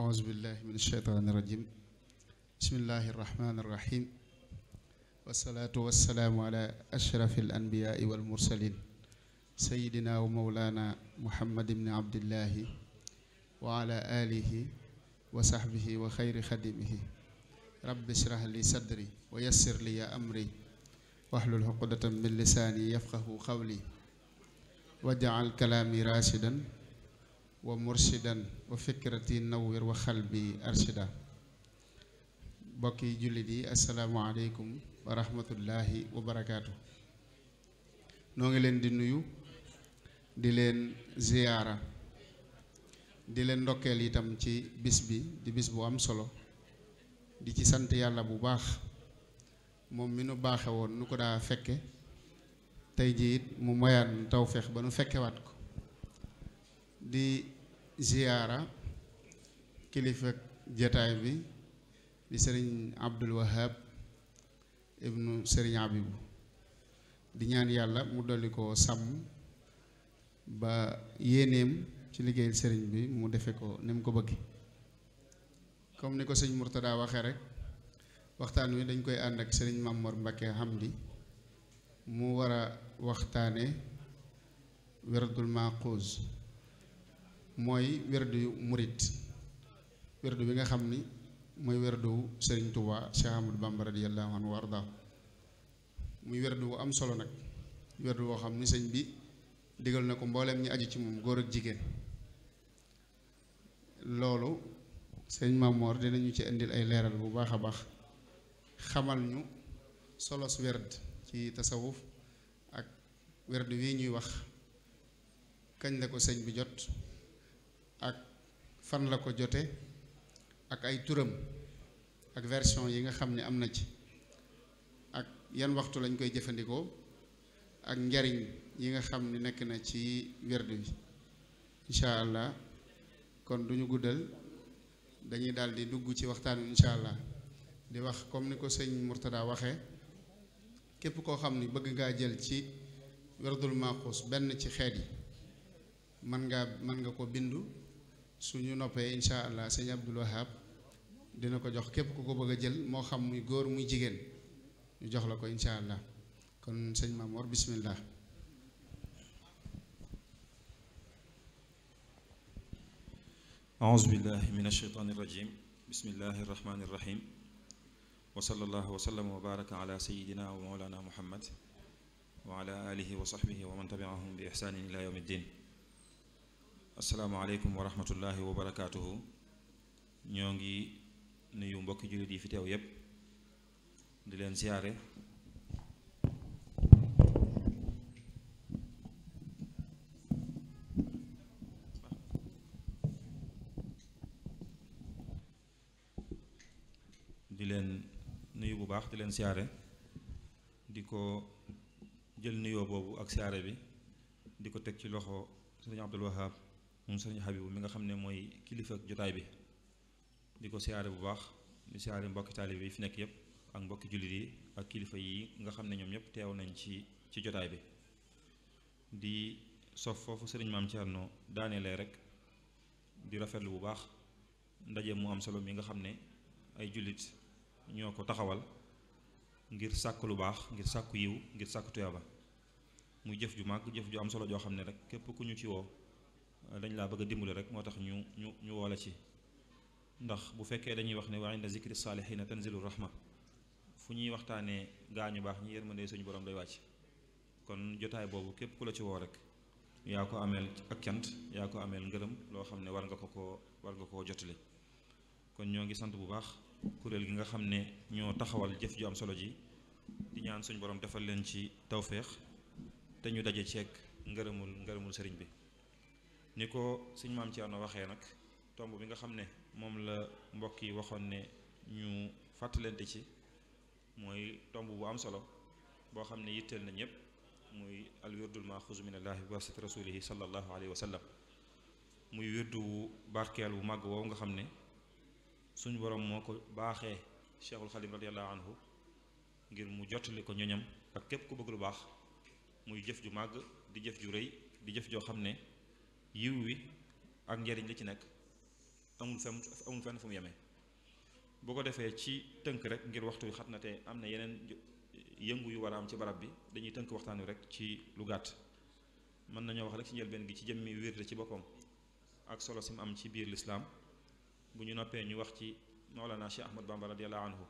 أعوذ بالله من الشيطان الرجيم بسم الله الرحمن الرحيم والصلاة والسلام على أشرف الأنبياء والمرسلين سيدنا ومولانا محمد بن عبد الله وعلى آله وصحبه وخير خدمه رب اشرح لي صدري ويسر لي أمري واحلل عقدة من لساني يفقه قولي واجعل كلامي راشدا wa mursidan wa fikrati nawwir wa xalbi arshida bokki jullit yi asalaamualeykum wa rahmatullahi wa barakaatu noo ngi leen di nuyu di leen ziyaara di leen ndokkeel itam ci bis bi di bis bu am solo di ci sant yàlla bu baax moom mi nu baaxe woon nu ko daa fekke tey jii mu moyaan tawfeex ba nu fekkewaat di ziyaara kilifa jataay bi di sëriñ Abdul Wahab ibnu sëriñ Abibu di ñaan yàlla mu dolli ko sàmm ba yéeneem ci liggéeyal sëriñ bi mu defe ko ni mu ko bëgge comme ni ko sëñ Murtada waxee rek waxtaan wi dañ koy ànd ak sëriñ Mamor Mbakke Hamdi mu war a waxtaane wérdul maaquus mooy werdu murit werdu bi nga xam ni mooy werdu Serigne Touba Cheikh Ahmadou Bamba radiyallahu anhu warda muy werdu wu am solo nag werdu woo xam ni sëñ bi digal na ko mbooleem ñi aju ci moom góor ak jigéen loolu sëñ Mamor dinañu ci indil ay leeral bu baax a baax xamal ñu solos werd ci tasawuf ak werd wi ñuy wax kañ la ko sëñ bi jot fan la ko jote ak ay turam ak version yi nga xam ne am na ci ak yan waxtu lañ koy jëfandikoo ak njariñ yi nga xam ni nekk na ci werdu bi incha allah kon duñu guddal dañuy daal di dugg ci waxtaan wi incha allah di wax comme ni ko sëñ Mourtada waxee képp koo xam ni bëgg ngaa jël ci werdul maaxuus benn ci xeet yi mën nga mën nga ko bindu su ñu noppee incha allah sëñ Abdul dina ko jox képp ku ko bëgg a jël moo xam muy góor muy jigéen ñu jox la ko incha allah kon sëñ Mamor bismillah aouzu billahi min asheytaani irrajim bismillahi irrahmani irrahim wa sallallahu wa sallama wa baraka ala sayidina wa maulana sax wa ala alihi wa sahbihi wa man tabiahum bi ihsanin ila yawmi ddin asalaamaaleykum wa rahmatullahi wa ñoo ngi nuyu mbokki jullit yi fi teew yépp di leen siyaare di leen nuyu bu baax di leen siyaare di ko jël nuyoo boobu ak siyaare bi di ko teg ci loxo sëriñ Abdul Wahab moom sëriñ Habibu mi nga xam ne mooy kilifa jotaay bi di ko siyaare bu baax di siyaare mbokki taalibe yi fi nekk yëpp ak mbokki jullit yi ak kilifa yi nga xam ne ñoom ñëpp teew nañ ci ci jotaay bi di sof foofu sëriñ maam Thierno daanelee rek di rafetlu bu baax ndaje mu am solo mi nga xam ne ay jullit ñoo ko taxawal ngir sàkk lu baax ngir sàkk yiw ngir sàkku tuyaaba muy jëf ju màgg jëf ju am solo joo xam ne rek képp ku ñu ci woo dañ laa bëgg a dimbali rek moo tax ñu ñu ñu woola ci ndax bu fekkee dañuy wax ne wa inda zikri saalihiina tanzilu rahma fu ñuy waxtaanee gaañu baax ñi yërmande suñu borom day wàcc kon jotaay boobu képp ku la ci woo rek yaa ko ameel ak cant yaa ko ameel ngërëm loo xam ne war nga ko koo war nga koo jotale kon ñoo ngi sant bu baax kuréel gi nga xam ne ñoo taxawal jëf ju am solo ji di ñaan suñu borom defal leen ci tawféex te ñu daje ceeg ngërëmul ngërëmul sëriñ bi ni ko suñ maam Thierno waxee nag tomb bi nga xam ne moom la mbokk yi waxoon ne ñu fàttalante ci mooy tomb bu am solo boo xam ne yitteel na ñëpp muy al wirdul maxuus min allahi bi wasati rasulihi sallallahu alayhi wa sallam muy wirdu wu barkeel wu màgg wow nga xam ne suñu borom moo ko baaxee cheikhul xadim radiallahu anhu ngir mu jottali ko ñoñam ak képp ku bëgg lu baax muy jëf ju màgg di jëf ju réy di jëf joo xam ne yiw wi ak njariñ li ci nekk amul fenn amul mu yemee bu ko defee ci tënk rek ngir waxtu wi xat na te am na yeneen yëngu yu war a am ci barab bi dañuy tënk waxtaan wi rek ci lu gàtt mën nañoo wax rek ci njëlbeen gi ci jëmmi wirde ci boppam ak solo si mu am ci biir lislaam bu ñu noppee ñu wax ci Mawlana Cheikh Ahmad Bamba radiyallahu anhu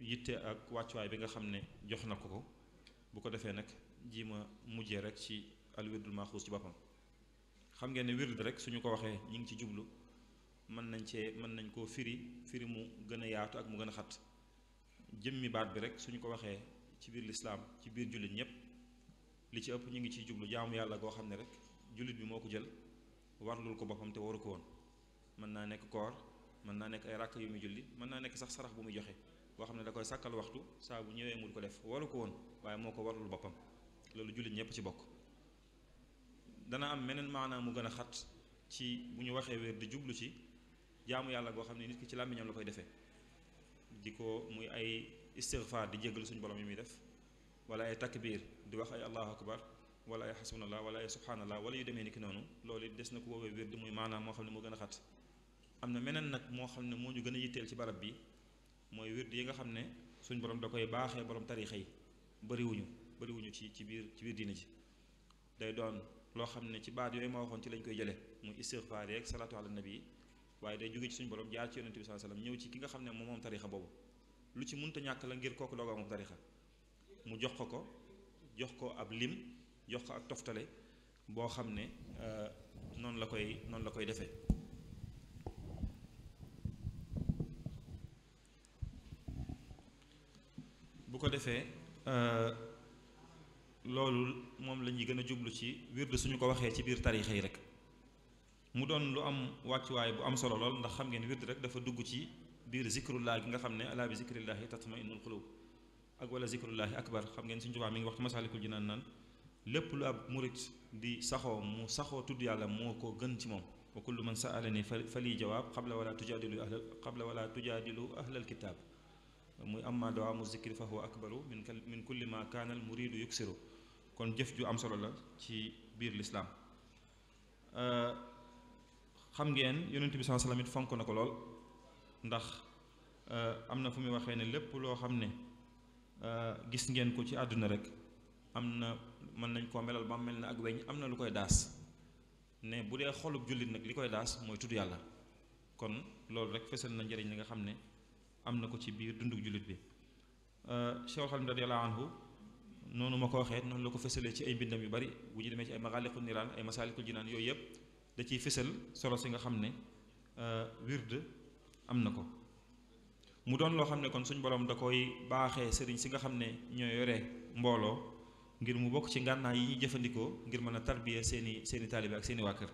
yitte ak wàccuwaay bi nga xam ne jox na ko ko bu ko defee nag ji ma mujjee rek ci al wirdul maxuus ci boppam xam ngeen ne wird rek suñu ko waxee ñu ngi ci jublu mën nañ cee mën nañ koo firi firi mu gën a yaatu ak mu gën a xat jëmmi baat bi rek suñu ko waxee ci biir lislaam ci biir jullit ñépp li ci ëpp ñu ngi ciy jublu jaamu yàlla goo xam ne rek jullit bi moo ko jël warlul ko boppam te waru ko woon mën naa nekk koor mën naa nekk ay ràkk yu muy julli mën naa nekk sax sarax bu muy joxe boo xam ne da koy sàkkal waxtu saa bu ñëwee mu ko def waru ko woon waaye moo ko warlul boppam loolu jullit ñépp ci bokk dana am meneen maanaam mu gën a xat ci bu ñu waxee wér di jublu ci jaamu yàlla goo xam ne nit ki ci làmmiñam la koy defee di ko muy ay istigfaar di jéggalu suñu borom yi muy def wala ay takbiir di wax ay allahu akbar wala ay xasbunallah wala ay subhanallah wala yu demee ni ki noonu loolu des na ko woowee wér di muy maanaam moo xam ne moo gën a xat am na meneen nag moo xam ne moo ñu gën a yitteel ci barab bi mooy wér yi nga xam ne suñ borom da koy baaxee borom tariixa yi bëriwuñu bëriwuñu ci ci biir ci biir diina ji loo xam ne ci baat yooyu ma waxoon ci lañ koy jële muy istighfar yeeg salaatu ala nabi waaye day jóge ci suñu borom jaar ci yonent bi sallallahu alayhi wasallam ñëw ci ki nga xam ne moom moom tarixa boobu lu ci mënta ñàkk la ngir kooku doog a moom tarixa mu jox ko ko jox ko ab lim jox ko ak toftale boo xam ne euh, noonu la koy noonu la koy defee bu ko defee euh, loolu moom la ñuy gën a jublu ci wird suñu ko waxee ci biir tarixa yi rek mu doon lu am wàccuwaay bu am solo lool ndax xam ngeen wird rek dafa dugg ci biir zikrullaa gi nga xam ne alaa bi zikrillahi tatma'innul qulub ak wala zikrullaahi akbar xam ngeen suñu Tuubaa mi ngi wax ci Masaalikul Jinaan naan lépp lu ab murit di saxoo mu saxoo tudd yàlla moo ko gën ci moom wa kullu man saalani fa lii jawaab qabla wala tujaadilu ahla qabla wala tujaadilu ahlal kitaab muy amma dawaamu zikri fa huwa akbaru min kulli ma kaana al kon jëf ju am solo la ci biir lislaam euh, xam ngeen yonent bi sallallahu alayhi fonk na ko lool ndax euh, am na fu muy waxee ne lépp loo xam ne euh, gis ngeen ko ci àdduna rek am na mën nañ koo melal ba mel na ak weñ am na lu koy daas ne bu dee xolub jullit nag li koy daas mooy tudd yàlla kon loolu rek fesal na njëriñ li nga xam ne am na ko ci biir dundug jullit bi Cheikh Xalim radiyallahu anhu noonu ma ko waxee noonu la ko fësalee ci ay mbindam yu bari bu ñu demee ci ay maxaaliqul niraan ay masaalikul jinaan yooyu yëpp da ciy fësal solo si nga xam ne euh, wird am na ko mu doon loo xam ne kon suñ borom da koy baaxee sëriñ si nga xam ne ñoo yore mbooloo ngir mu bokk ci ngànnaar yi ñuy jëfandikoo ngir mën a tarbiya seeni seeni taalibe ak seeni waa kër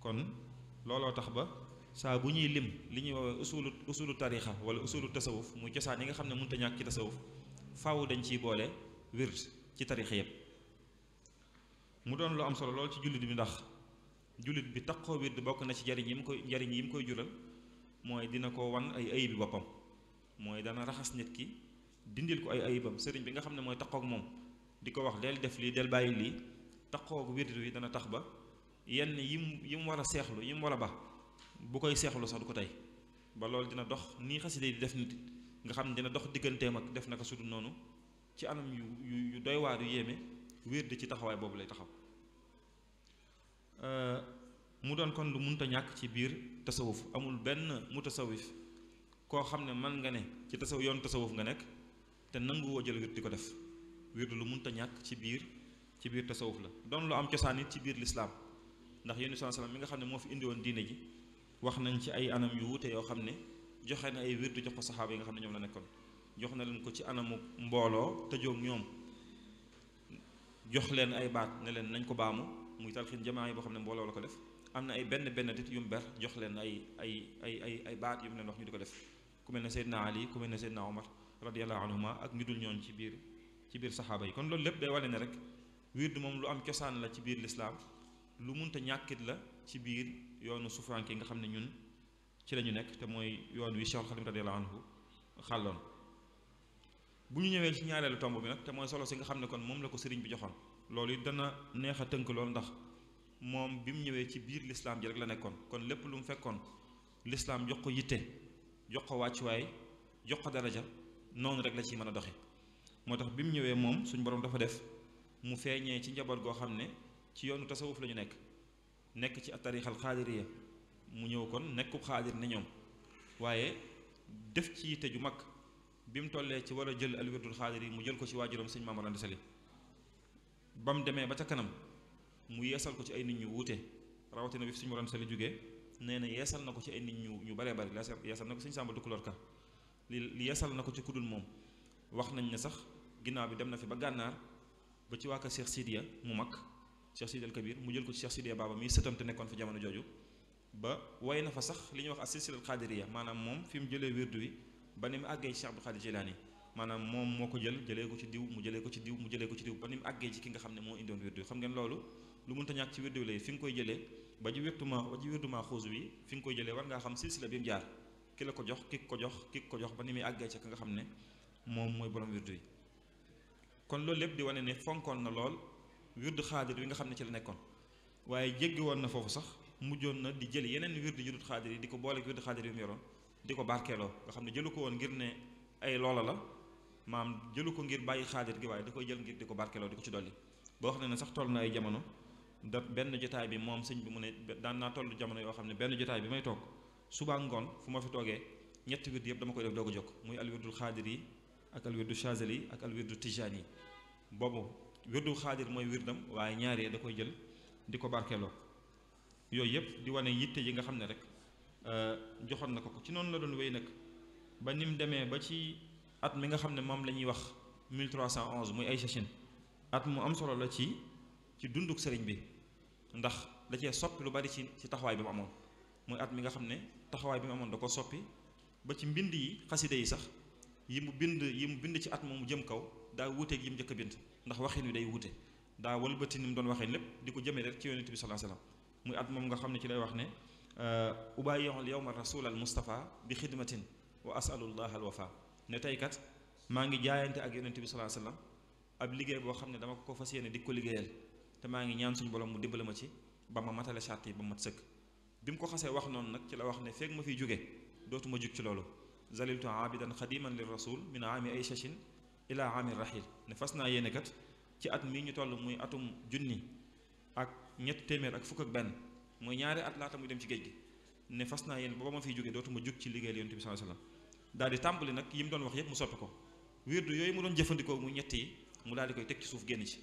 kon looloo tax ba saa bu ñuy lim li ñuy woowee usulu usulu tariixa wala usulu tasawuf muy cosaan yi nga xam ne mënut a ñàkk ci tasawuf faaw dañ ciy boole wér ci tarixa yépp mu doon lu am solo lool ci jullit bi ndax jullit bi koo wird bokk na ci jariñ yi mu koy jariñ yi koy jural mooy dina ko wan ay ayibi boppam mooy dana raxas nit ki dindil ko ay ayibam sëriñ bi nga xam ne mooy taqoog moom di ko wax del def lii del bàyyi lii taqoog wird wi dana tax ba yenn yi mu yi mu war a seexlu yi mu war a ba bu koy seexlu sax du ko tey ba loolu dina dox nii xasida yi di def nit nga xam ne dina dox digganteem ak def na ko sudul noonu ci anam yu yu yu doy waar yu yéeme wérd ci taxawaay boobu lay taxaw euh, mu doon kon lu munta ñàkk ci biir tasawuf amul benn mu tasawif koo xam ne man nga ne ci tasaw yoon tasawuf nga nekk te nanguwoo jël wérd di ko def wérd lu munta ñàkk ci biir ci biir tasawuf la doon lu am cosaan it ci biir lislaam ndax yenn saa salaam mi nga xam ne moo fi indi woon diine ji wax nañ ci ay anam yu wuute yoo xam ne joxe na ay wérd jox ko saxaaba yi nga xam ne ñoom la nekkoon jox na leen ko ci anamu mbooloo tëjoog ñoom jox leen ay baat na leen nañ ko baamu muy talxiin jamaa yi boo xam ne mbooloo la ko def am na ay benn benn tit yu mu ber jox leen ay ay ay ay ay baat yu mu leen wax ñu di ko def ku mel ne Seydina Ali ku mel ne Seydina Omar radiyallahu anhuma ak ñu dul ñoon ci biir ci biir saxaaba yi kon loolu lépp day wane ne rek wird moom lu am cosaan la ci biir lislaam lu munta ñàkkit la ci biir yoonu sufaanke yi nga xam ne ñun ci la ñu nekk te mooy yoon wi Cheikh Xadim radiyallahu anhu xàlloon bu ñu ñëwee ci ñaareelu tomb bi nag te mooy solo si nga xam ne kon moom la ko sëriñ bi joxoon loolu dana neex a tënk lool ndax moom bi mu ñëwee ci biir lislaam ji rek la nekkoon kon lépp lu mu fekkoon lislaam jox ko yitte jox ko wàccuwaay jox ko daraja noonu rek la ci mën a doxe moo tax bi mu ñëwee moom suñ borom dafa def mu feeñee ci njaboot goo xam ne ci yoonu tasawuf la ñu nekk nekk ci atarixal xaadiriya mu ñëw kon nekkub xaadir ne ñoom waaye def ci yitte ju mag bi mu tollee ci war a jël alwirdul xaadir yi mu jël ko ci waajuram sëñ Maam Mor Anta Sali ba mu demee ba ca kanam mu yeesal ko ci ay nit ñu wuute rawatina bi fi sëñ Mor Anta Sali jógee nee na yeesal na ko ci ay nit ñu ñu baree bari yeesal na ko sëñ Samba Tukulóor Ka li yeesal na ko ci kudul moom wax nañ ne sax ginnaaw bi dem na fi ba gànnaar ba ci waa kër Cheikh Sidiya mu mag Cheikh Sidiya al Kabir mu jël ko ci Cheikh Sidiya Baba mi sëtam te nekkoon fi jamono jooju ba way na fa sax li ñuy wax as silsilatul maanaam moom fi mu jëlee wirdu wi ba ni mu àggee ci Cheikh Abdou Khadir Jilani maanaam moom moo ko jël jëlee ko ci diw mu jëlee ko ci diw mu jëlee ko ci diw ba ni mu àggee ci ki nga xam ne moo indoon wirdu xam ngeen loolu lu mënta koy jëlee ba ji wirtuma ba ji wirduma xuus nga koy jëlee war ngaa xam silsila la ko jox ki ko jox ki ko jox ba ni muy àggee ci ki nga xam ne moom mooy borom wirdu yi kon loolu lépp di wane ne fonkoon na lool wirdu xaadir wi nga xam ne ci la nekkoon waaye jéggi woon na foofu sax mujjoon na di jël yeneen wirdu yu dul xaadir yi di ko booleeg wirdu xaadir yi mu yoroon di ko barkeeloo nga xam ne jëlu ko woon ngir ne ay loola la maam jëlu ko ngir bàyyi xaajat gi waaye da koy jël ngir di ko barkeeloo di ko ci dolli boo xam ne sax toll na ay jamono da benn jotaay bi moom sëñ bi mu ne daan naa jamono yoo xam ne benn jotaay bi may toog suba ngoon fu ma fi toogee ñetti wird yëpp dama koy def doog a jokk muy alwirdul xaadir yi ak alwirdu chazali yi ak alwirdu tijaan yi boobu wirdu xaadir mooy dam waaye ñaaree da koy jël di ko barkeeloo yooyu yëpp di wane yitte yi nga xam ne rek Euh, joxoon na ko ko ci noonu la doon wéy nag ba ni mu demee ba ci at mi nga xam ne moom la ñuy wax 1311 muy ay Chine at mu am solo la ci ci dunduk sëriñ bi ndax da cee soppi lu bari ci ci taxawaay bi mu amoon muy at mi nga xam ne taxawaay bi amoon da ko soppi ba ci mbind yi xaside yi sax yi mu bind yi mu bind ci at moomu jëm kaw daa wuuteeg yi mu njëkk a bind ndax waxin wi day wuute daa walbati ni mu doon waxee lépp di ko jëmee rek ci yonent bi sallallahu muy at moom nga xam ne ci lay wax ne ubayyihul yawma rasul al mustafa bi xidmatin wa asalullah al wafa ne tey kat maa ngi jaayante ak yonent bi sallallahu alayhi wasallam ab liggéey boo xam ne dama ko ko fas yéene di ko liggéeyal te maa ngi ñaan suñu borom mu dimbale ma ci ba ma matale sart yi ba ma sëkk bi mu ko xasee wax noonu nag ci la wax ne feeg ma fiy jóge dootuma jug ci loolu zaliltu abidan xadiman li rasul min aami ay shachin ila aami rahil ne fas naa yéene kat ci at mii ñu toll muy atum junni ak ñetti téeméer ak fukk benn mooy ñaari at muy dem ci géej gi ne fas naa yéen ba ma fiy jógee dootuma jug ci liggéeyal yonent bi sallallahu alayhi di tàmbali nag yi mu doon wax yépp mu soppi ko wirdu yooyu mu doon jëfandikoo mu ñett yi mu daal di koy teg ci suuf génn ci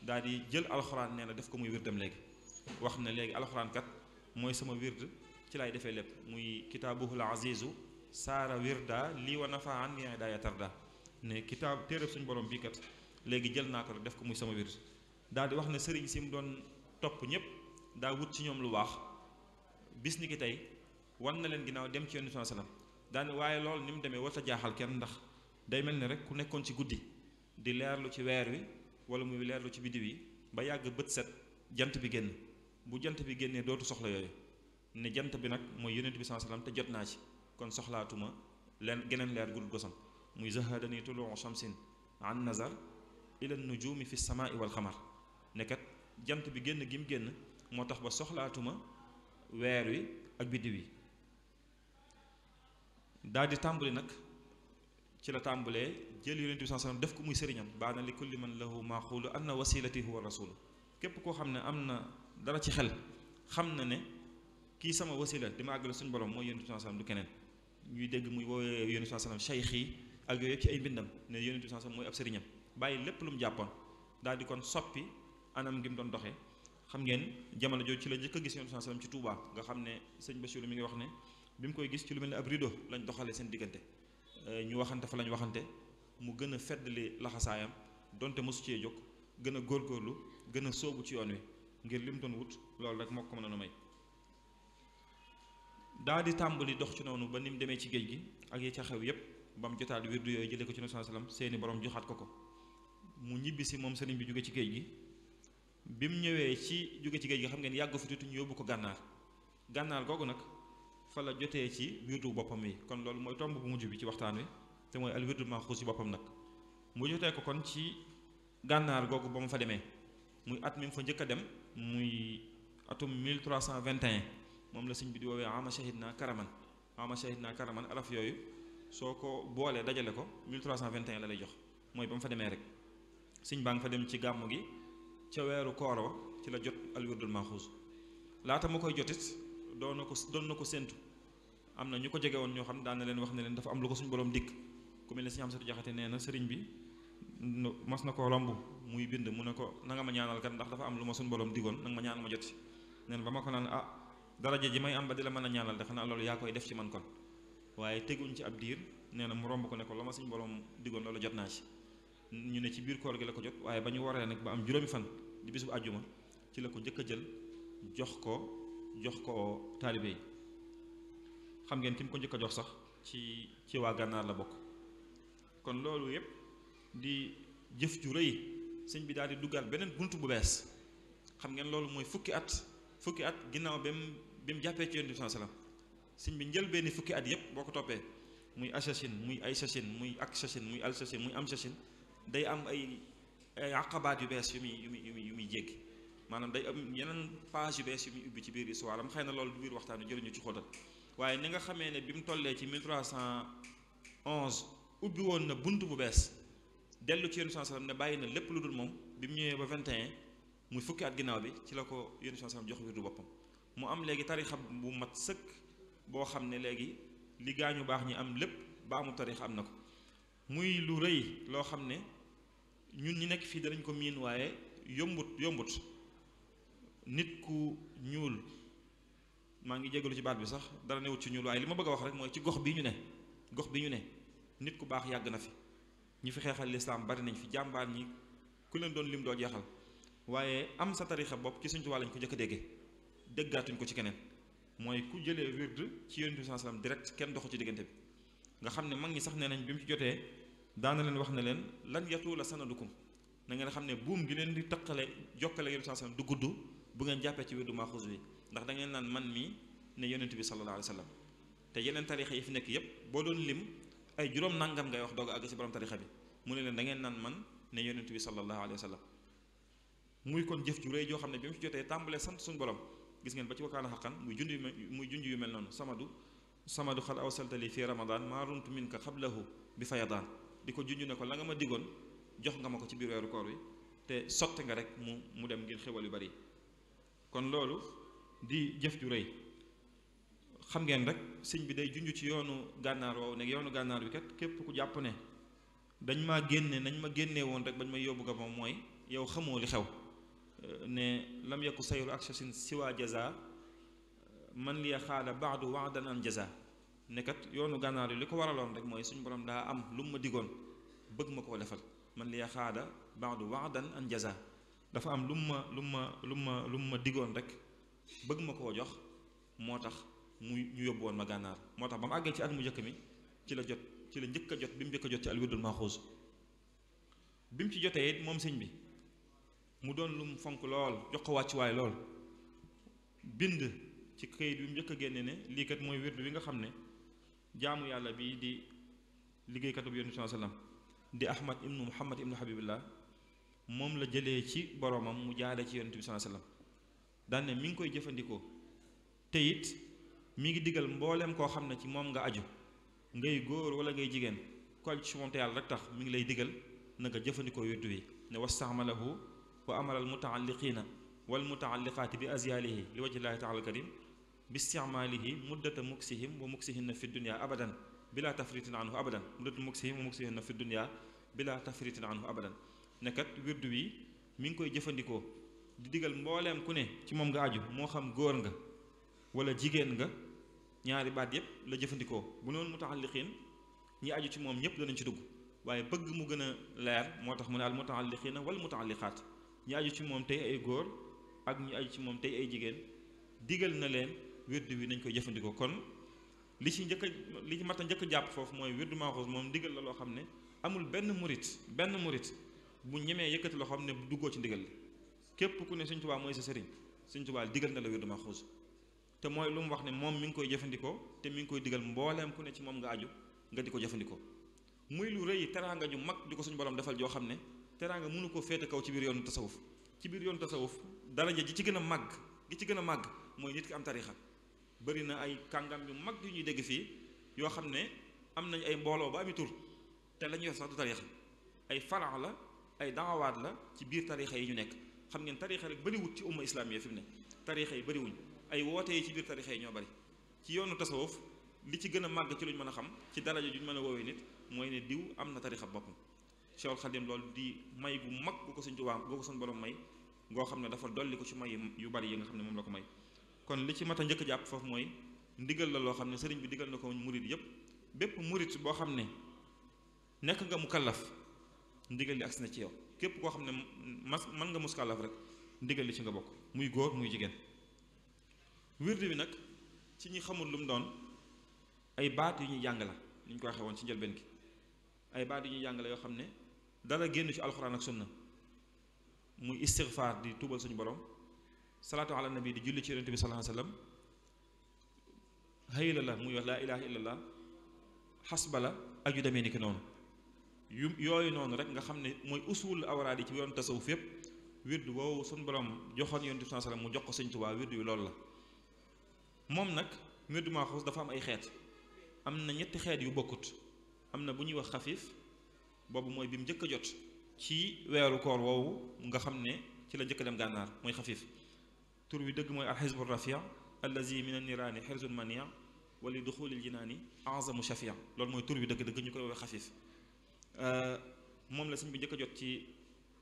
daal di jël alxuraan nee na def ko muy wirdam léegi wax na léegi alxuraan mooy sama wird ci laay defee lépp muy kitaabuhul azizu saara wirda lii wa nafaan bi daaya tarda ne kitaab téereb suñu borom bii léegi jël naa ko def ko muy sama wird daal di wax ne sëriñ si mu doon topp ñëpp daa wut ci ñoom lu baax bis ni ki tey wan na leen ginnaaw dem ci yonent bi sallam daane waaye loolu ni mu demee a jaaxal kenn ndax day mel ni rek ku nekkoon ci guddi di leerlu ci weer wi wala muy leerlu ci biddiw yi ba yàgg bët set jant bi génn bu jant bi génnee dootu soxla yooyu ne jant bi nag mooy yonent bi sallam te jot naa ci kon soxlaatuma leen geneen leer gudul gosam muy zahadani tuluu shamsin an nazar ila nujumi fi samaai wal xamar ne kat jant bi génn gi génn moo tax ba soxlaatuma weer wi ak biddi wi daal di tàmbali nag ci la tàmbalee jël yonent bi saa def ko muy sëriñam baa baana li kulli man lahu maxulu anna wasilati huwa rasulu képp koo xam ne am na dara ci xel xam na ne kii sama wasila dama àggale suñu borom mooy yonent bi saa du keneen ñuy dégg muy woowee yonent bi saa sallam cheikh ak yooyu yëpp ci ay mbindam ne yonent bi saa mooy ab sëriñam bàyyi lépp lu jàppoon daal di kon soppi anam gi doon doxee xam ngeen jamono jooju ci la njëkk a gis yonent sallam ci Touba nga xam ne sëñ Bassirou mi ngi wax ne bi mu koy gis ci lu mel ni ab rideau lañ doxalee seen diggante euh, ñu waxante fa lañ waxante mu gën a feddali laxasaayam donte mosu cee jóg gën góor góorlu gën a sóobu ci yoon wi ngir lim doon wut loolu rek moo ko mën a may. daa di tàmbali dox ci noonu ba ni mu demee ci géej gi ak yi ca xew yépp ba mu jotaat wirdu yooyu jëlee ko ci yonent sallam seeni borom joxaat ko ko mu ñibbi moom sëriñ bi jóge ci géej gi. bi mu ñëwee ci jóge ci géej gi xam ngeen yàggu fi tuuti ñu yóbbu ko gànnaar gànnaar googu nag fa la jotee ci wirdu boppam yi kon loolu mooy tomb bu mujj bi ci waxtaan wi te mooy al wirdu boppam nag mu jotee ko kon ci gànnaar googu ba mu fa demee muy at mi mu fa njëkk a dem muy atum 1321 moom la sëñ bi di woowee ama shahid naa karaman ama shahid naa karaman araf yooyu soo ko boolee dajale ko vingt 1321 la lay jox mooy ba mu fa demee rek sëñ baa nga fa dem ci gàmmu gi ca weeru koor ci la jot alwirdul maxuus laata mu koy jotit doon na ko doon na ko séntu am na ñu ko jege woon ñoo xam daan na leen wax na leen dafa am lu ko suñu borom dikk ku mel ne si am satu jaxate nee na sëriñ bi mas na ko romb muy bind mu ne ko na nga ma ñaanal kat ndax dafa am lu ma suñu borom digoon na nga ma ñaan ma joti neen ba ma ko naan ah a ñaanal de xanaa loolu yaa koy def ci man kon waaye teguñ ci ab diir nee na mu romb ko ne ko la ma suñu borom digoon loolu jot naa ci ñu ne ci biir koor gi la ko jot waaye ba ñu waree nag ba am juróomi fan di bis bu àjjuma ci la ko njëkk a jël jox ko jox ko taalibe xam ngeen ki mu ko njëkk jox sax ci ci waa gànnaar la bokk kon loolu yépp di jëf ju rëy sëñ bi daal di duggaat beneen bunt bu bees xam ngeen loolu mooy fukki at fukki at ginnaaw ba mu ba mu jàppee ci yonent bi sallam sëñ bi njëlbeeni fukki at yépp boo ko toppee muy achachine muy ay chachine muy ak chachine muy al chachine muy am chachine day am ay ay aqabaat yu bees yu muy yu muy yu muy yu muy jéggi maanaam day am yeneen page yu bees yu muy ubbi ci biir histoire am xëy na loolu du biir waxtaan wi jëluñu ci xóotal waaye ni nga xamee ne bi mu tollee ci 1311 ubbi woon na bunt bu bees dellu ci Yonent bi sallam ne bàyyi na lépp lu dul moom bi mu ñëwee ba 21 muy fukki at ginnaaw bi ci la ko Yonent bi sallam jox wirdu boppam mu am léegi tarixa bu mat sëkk boo xam ne léegi li gaañu baax ñi am lépp baamu tarix am na ko muy lu rëy loo xam ne. ñun ñi nekk fii danañ ko miin waaye yombut yombut nit ku ñuul maa ngi jégalu ci baat bi sax dara newut ci ñuul waaye li ma bëgg a wax rek mooy ci gox bi ñu ne gox bi ñu ne nit ku baax yàgg na fi ñi fi xeexal lislaam bari nañ fi jàmbaar ñi ku leen doon lim doo jeexal waaye am sa tarixa bopp ci Sëñ Tuubaa ko njëkk a déggee ko ci keneen mooy ku jëlee wird ci Yonent bi sallallahu alayhi kenn doxu ci diggante bi nga xam ne mag ñi sax nee nañ bi mu jotee daana leen wax ne leen lan yatuula sanadukum na ngeen xam ne buum gi leen di taqale jokkale sa sallam du gudd bu ngeen jàppee ci wirdu maaxuus bi ndax da ngeen naan man mii ne yonent bi sallallahu alayhi wa sallam te yeneen tarixa yi fi nekk yépp boo doon lim ay juróom nangam ngay wax doog àgg si borom tarixa bi mu ne leen dangeen naan man ne yonent bi sallallahu alayhi wa sallam muy kon jëf ju rëy joo xam ne bi mu ci jotee tàmbalee sant suñu borom gis ngeen ba ci wakkaana xaqan muy junj yu muy junj yu mel noonu samadu samadu xal awsaltali fi ramadan maa runtu min ka xablahu bi fayadaan di ko junj ne ko la nga ma diggoon jox nga ma ko ci biir weeru koor wi te sotti nga rek mu mu dem ngir xewal yu bari kon loolu di jëf ju rëy xam ngeen rek sëñ bi day junj ci yoonu gànnaar woowu ne yoonu gànnaar bi kat képp ku jàpp ne dañ maa génne nañ ma génne woon rek bañ may yóbbu nga Gabon mooy yow xamoo li xew euh, ne lam yakku sayru ak sasin siwa jaza man liya xaala du wax an jaza ne yoonu gànnaar yi li ko waraloon rek mooy suñu borom daa am lu mu ma digoon bëgg ma koo defal man li xaada baadu waadan an jaza dafa am lu mu ma lu mu ma lu mu ma lu ma digoon rek bëgg ma ko jox moo tax mu ñu yóbbu woon ma gànnaar moo tax ba mu àggee ci at mu njëkk mi ci la jot ci la njëkk jot bi mu njëkk jot ci alwirdul maxuus bi mu ci jotee it moom siñ bi mu doon lu mu fonk lool jox ko wàccuwaay lool bind ci këyit bi mu njëkk a génne ne lii kat mooy wirdu wi nga xam ne jaamu yàlla bii di liggéeykatub yonent bi sallam di ahmad ibnu muhammad ibnu habibillah moom la jëlee ci boromam mu jaaree ci yonent bi sallam daan ne mi ngi koy jëfandikoo te it mi ngi digal mbooleem koo xam ne ci moom nga aju ngay góor wala ngay jigéen ko aju ci moom te yàlla rek tax mi ngi lay digal na nga jëfandikoo yoddu wi ne wastaamalahu wa amara almutaalliqiina wal mutaalliqaati bi azyaalihi li wajhi llaahi taala al karim bisticmaalihi muddata muksihim wa muksihinna fi dunya abadan bila tafritin anhu abadan muddata muksihim wa muksihinna fi dunya bila tafritin anhu abadan nekkat wirdu wi mi ngi koy jëfandikoo di digal mbooleem ku ne ci moom nga aju moo xam góor nga wala jigéen nga ñaari baat yépp la jëfandikoo bu noonu mutaalliqiin ñi aju ci moom ñépp danañ ci dugg waaye bëgg mu gën a leer moo tax mu ne al mutaalliqiina wal mutaalliqaat ñi aju ci moom tey ay góor ak ñi aju ci moom tey ay jigéen digal na leen wirdu wi nañ koy jëfandikoo kon li ci njëkk li ci mat a njëkk jàpp foofu mooy wirdu Maaxuus moom ndigal la loo xam ne amul benn morit benn murit bu ñemee yëkkati loo xam ne bu duggoo ci ndigal la képp ku ne Sëñ Tuubaa mooy sa sëriñ Sëñ Tuubaa digal na la wirdu Maaxuus te mooy lu mu wax ne moom mi ngi koy jëfandikoo te mi ngi koy digal mbooleem ku ne ci moom nga aju nga di ko jëfandikoo muy lu rëy teraanga ju mag di ko suñu borom defal joo xam ne teraanga mënu ko féete kaw ci biir yoonu tasawuf ci biir yoonu tasawuf daraja ji ci gën a màgg gi ci gën a màgg mooy nit ki am tariixa bëri na ay kàngam yu mag yu ñuy dégg fii yoo xam ne am nañ ay mbooloo ba ami tur te la ñuy wax sax du tarixa ay farax la ay daawaat la ci biir tarixa yi ñu nekk xam ngeen tarixa rek bëriwut ci umma islamiya fi mu ne tarixa yi bëriwuñ ay woote ci biir tarixa yi ñoo bari ci yoonu tasawuf li ci gën a màgg ci luñ mën a xam ci daraja ñu mën a woowee nit mooy ne diw am na tarixa boppam Cheikhul Khadim lool di may gu mag gu ko sëñ Tuubaa gu ko sëñ borom may ne dafa dolli ko ci yu bari yi nga xam ne moom la ko may kon li ci mat a njëkk jàpp foofu mooy ndigal la loo xam ne sëriñ bi digal na ko murit yëpp bépp murit boo xam ne nekk nga mu kallaf ndigal li agsi na ci yow képp koo xam ne mas mën nga mus kallaf rek ndigal li ci nga bokk muy góor muy jigéen wird wi nag ci ñi xamul lu mu doon ay baat yu ñuy jàng la ni ñu ko waxee ci njëlbeen gi ay baat yu ñuy jàng la yoo xam ne dara génn ci alxuraan ak sunna muy istigfaar di tuubal suñu borom salaatu ala nabi di julli ci yonent bi sallallahu alayhi wasallam hayla la muy wax laa ilaha illallah xasba la ak yu demee ni ki noonu yu yooyu noonu rek nga xam ne mooy usul awraad yi ci yoon tasawuf yëpp wirdu woowu suñ borom joxoon yonent bi sallallahu alayhi wasallam mu jox ko sëñ waa wirdu wi loolu la moom nag wirdu maaxuus dafa am ay xeet am na ñetti xeet yu bokkut am na bu ñuy wax xafiif boobu mooy bi mu njëkk jot ci weeru koor woowu nga xam ne ci la njëkk a dem gànnaar mooy xafiif tur bi dëgg mooy alxisbu rafia allazi min anniraani xirsun mania wali duxulil jinaani azamu shafia lool mooy tur bi dëgg-dëgg ñu koy woowee xafif euh, moom la sëñ bi jot ci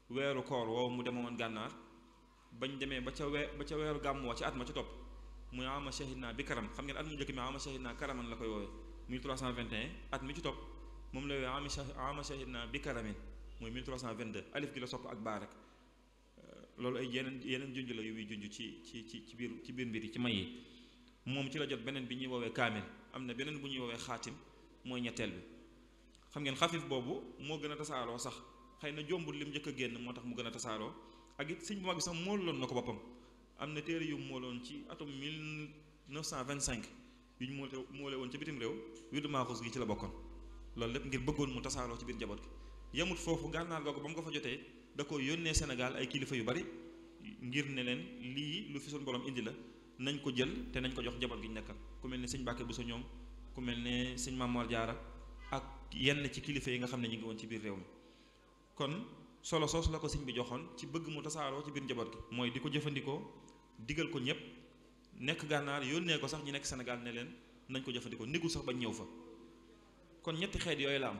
weeru koor woow mu demoon gànnaar bañ demee ba ca wee ba ca weeru gàmmuwa ci at ma ci topp muy ama shahid naa bi karam xam ngeen at mu njëkk mi ama shahid naa karaman la koy woowee 1321 at mi ci topp moom la woowee ama shahid naa bi karamin muy 1322 alif gi la sopp ak baa loolu ay yeneen yeneen junj la yu muy junj ci ci ci ci biir ci biir mbir yi ci may yi moom ci la jot beneen bi ñuy woowee kaamil am na beneen bu ñuy woowee xaatim mooy ñetteel bi xam ngeen xafif boobu moo gën a tasaaroo sax xëy na jombul lim njëkk génn moo tax mu gën a tasaaroo ak it sëñ bu mag bi sax na ko boppam am na téere yu mooloon ci atum 1925 yu ñu moolee moolee woon ci bitim réew wirdu Maaxuus gi ci la bokkoon loolu lépp ngir bëggoon mu tasaaroo ci biir njaboot gi yemut foofu gànnaar googu ba mu ko jotee da ko yónnee Sénégal ay kilifa yu bari ngir ne leen lii lu fi suñu borom indi la nañ ko jël te nañ ko jox jabar gi ñu nekkal ku mel ne sëñ Mbàkke Buso ñoom ku mel ne sëñ Mamor Jaara ak yenn ci kilifa yi nga xam ne ñu woon ci biir réew kon solo soos la ko sëñ bi joxoon ci bëgg mu tasaaroo ci biir njaboot mooy di ko jëfandikoo digal ko ñëpp nekk gànnaar yónnee ko sax ñu nekk Sénégal ne leen nañ ko jëfandikoo négul sax ba ñëw fa kon ñetti xeet yooyu la am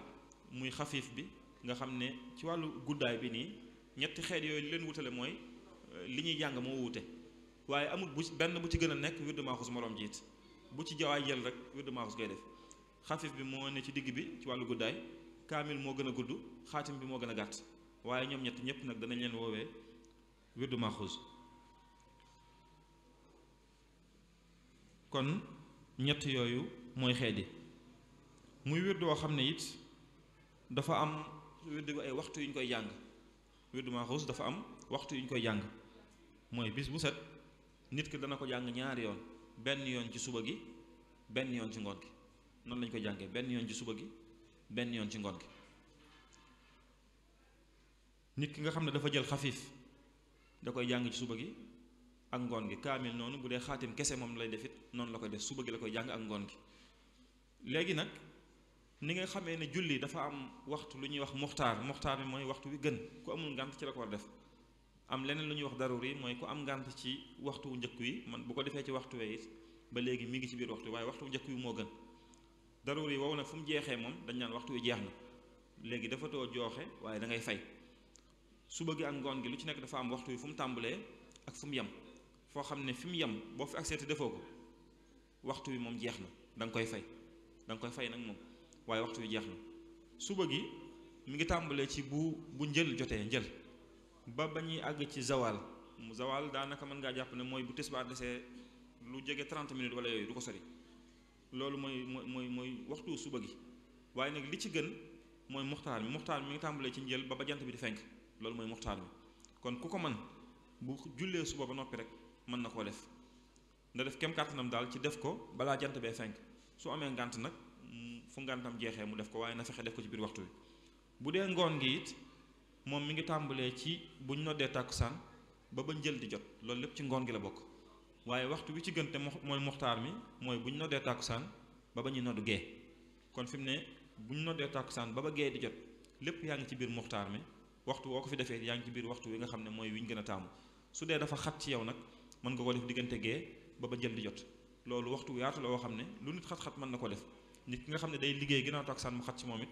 muy xafiif bi nga xam ne ci wàllu guddaay bi nii ñetti xeet yooyu leen wutale mooy euh, li ñuy jàng moo wuute waaye amul bu benn bu ci gën a nekk wird maaxus moroom jiit bu ci jawaay jël rek wird maaxus koy def xafif bi moo ne ci digg bi ci wàllu guddaay kaamil moo gën a gudd xaatim bi moo gën a gàtt waaye ñoom ñett ñëpp nag danañ leen woowee wirdu maaxuus kon ñett yooyu mooy xeet yi muy wirdu woo xam ne it dafa am wirdu ay waxtu yu ñu koy jàng wirdu Maaxuus dafa am waxtu yu ñu koy jàng mooy bis bu set nit ki dana ko jàng ñaari yoon benn yoon ci suba gi benn yoon ci ngoon gi noonu lañu koy jàngee benn yoon ci suba gi benn yoon ci ngoon gi nit ki nga xam ne dafa jël xafiif da koy jàng ci suba gi ak ngoon gi kaamil noonu bu dee xaatim kese moom lay def it noonu la ko def suba gi la koy jàng ak ngoon gi léegi nag ni nga xamee ne julli dafa am waxtu lu ñuy wax muxtaar muxtaar bi mooy waxtu wi gën ku amul ngànt ci la def am leneen lu ñuy wax daruri mooy ku am ngànt ci waxtu wu njëkk wi man bu ko defee ci waxtu wee ba léegi mi ngi ci biir waxtu waaye waxtu wu njëkk wi moo gën yi wow nag fu mu jeexee moom dañ naan waxtu wi jeex na léegi dafa too jooxe waaye da ngay fay suba gi ak ngoon gi lu ci nekk dafa am waxtu wi fu mu tàmbalee ak fu mu yem foo xam ne fi mu yem boo fi defoo ko waxtu wi moom jeex na da koy fay da koy fay nag moom waaye waxtu wi jeex na suba gi mu ngi tàmbalee ci bu bu njël jotee njël ba ba ñuy àgg ci zawal mu zawal daanaka mën ngaa jàpp ne mooy bu tisbaar desee lu jege 30 minutes wala yooyu du ko sori loolu mooy mooy mooy mooy waxtu suba gi waaye nag li ci gën mooy muxtaar mi muxtaar mi ngi tàmbalee ci njël ba ba jant bi di fenk loolu mooy muxtaar mi kon ku ko mën bu jullee suba ba noppi rek mën na koo def na def kem kàttanam daal ci def ko balaa jant bee fenk su amee ngànt nag fu ngantam jeexee mu def ko waaye na fexe def ko ci biir waxtu wi bu dee ngoon gi it moom mi ngi tàmbalee ci buñ ñu tàkku tàkkusaan ba ba jël di jot loolu lépp ci ngoon gi la bokk waaye waxtu bi ci gën te mooy mi mooy bu ñu noddee tàkkusaan ba ba ñuy noddu gee kon fi mu ne bu ñu noddee tàkkusaan ba ba gee di jot lépp yaa ci biir muxtaar mi waxtu woo ko fi defee yaa ngi ci biir waxtu wi nga xam ne mooy wi ñu gën a taamu su dee dafa xat ci yow nag mën nga ko def diggante gee ba ba njël di waxtu yaatu la woo xam ne lu nit xat-xat mën na ko def nit ki nga xam ne day liggéey ginnaaw taksaan mu xat ci moom it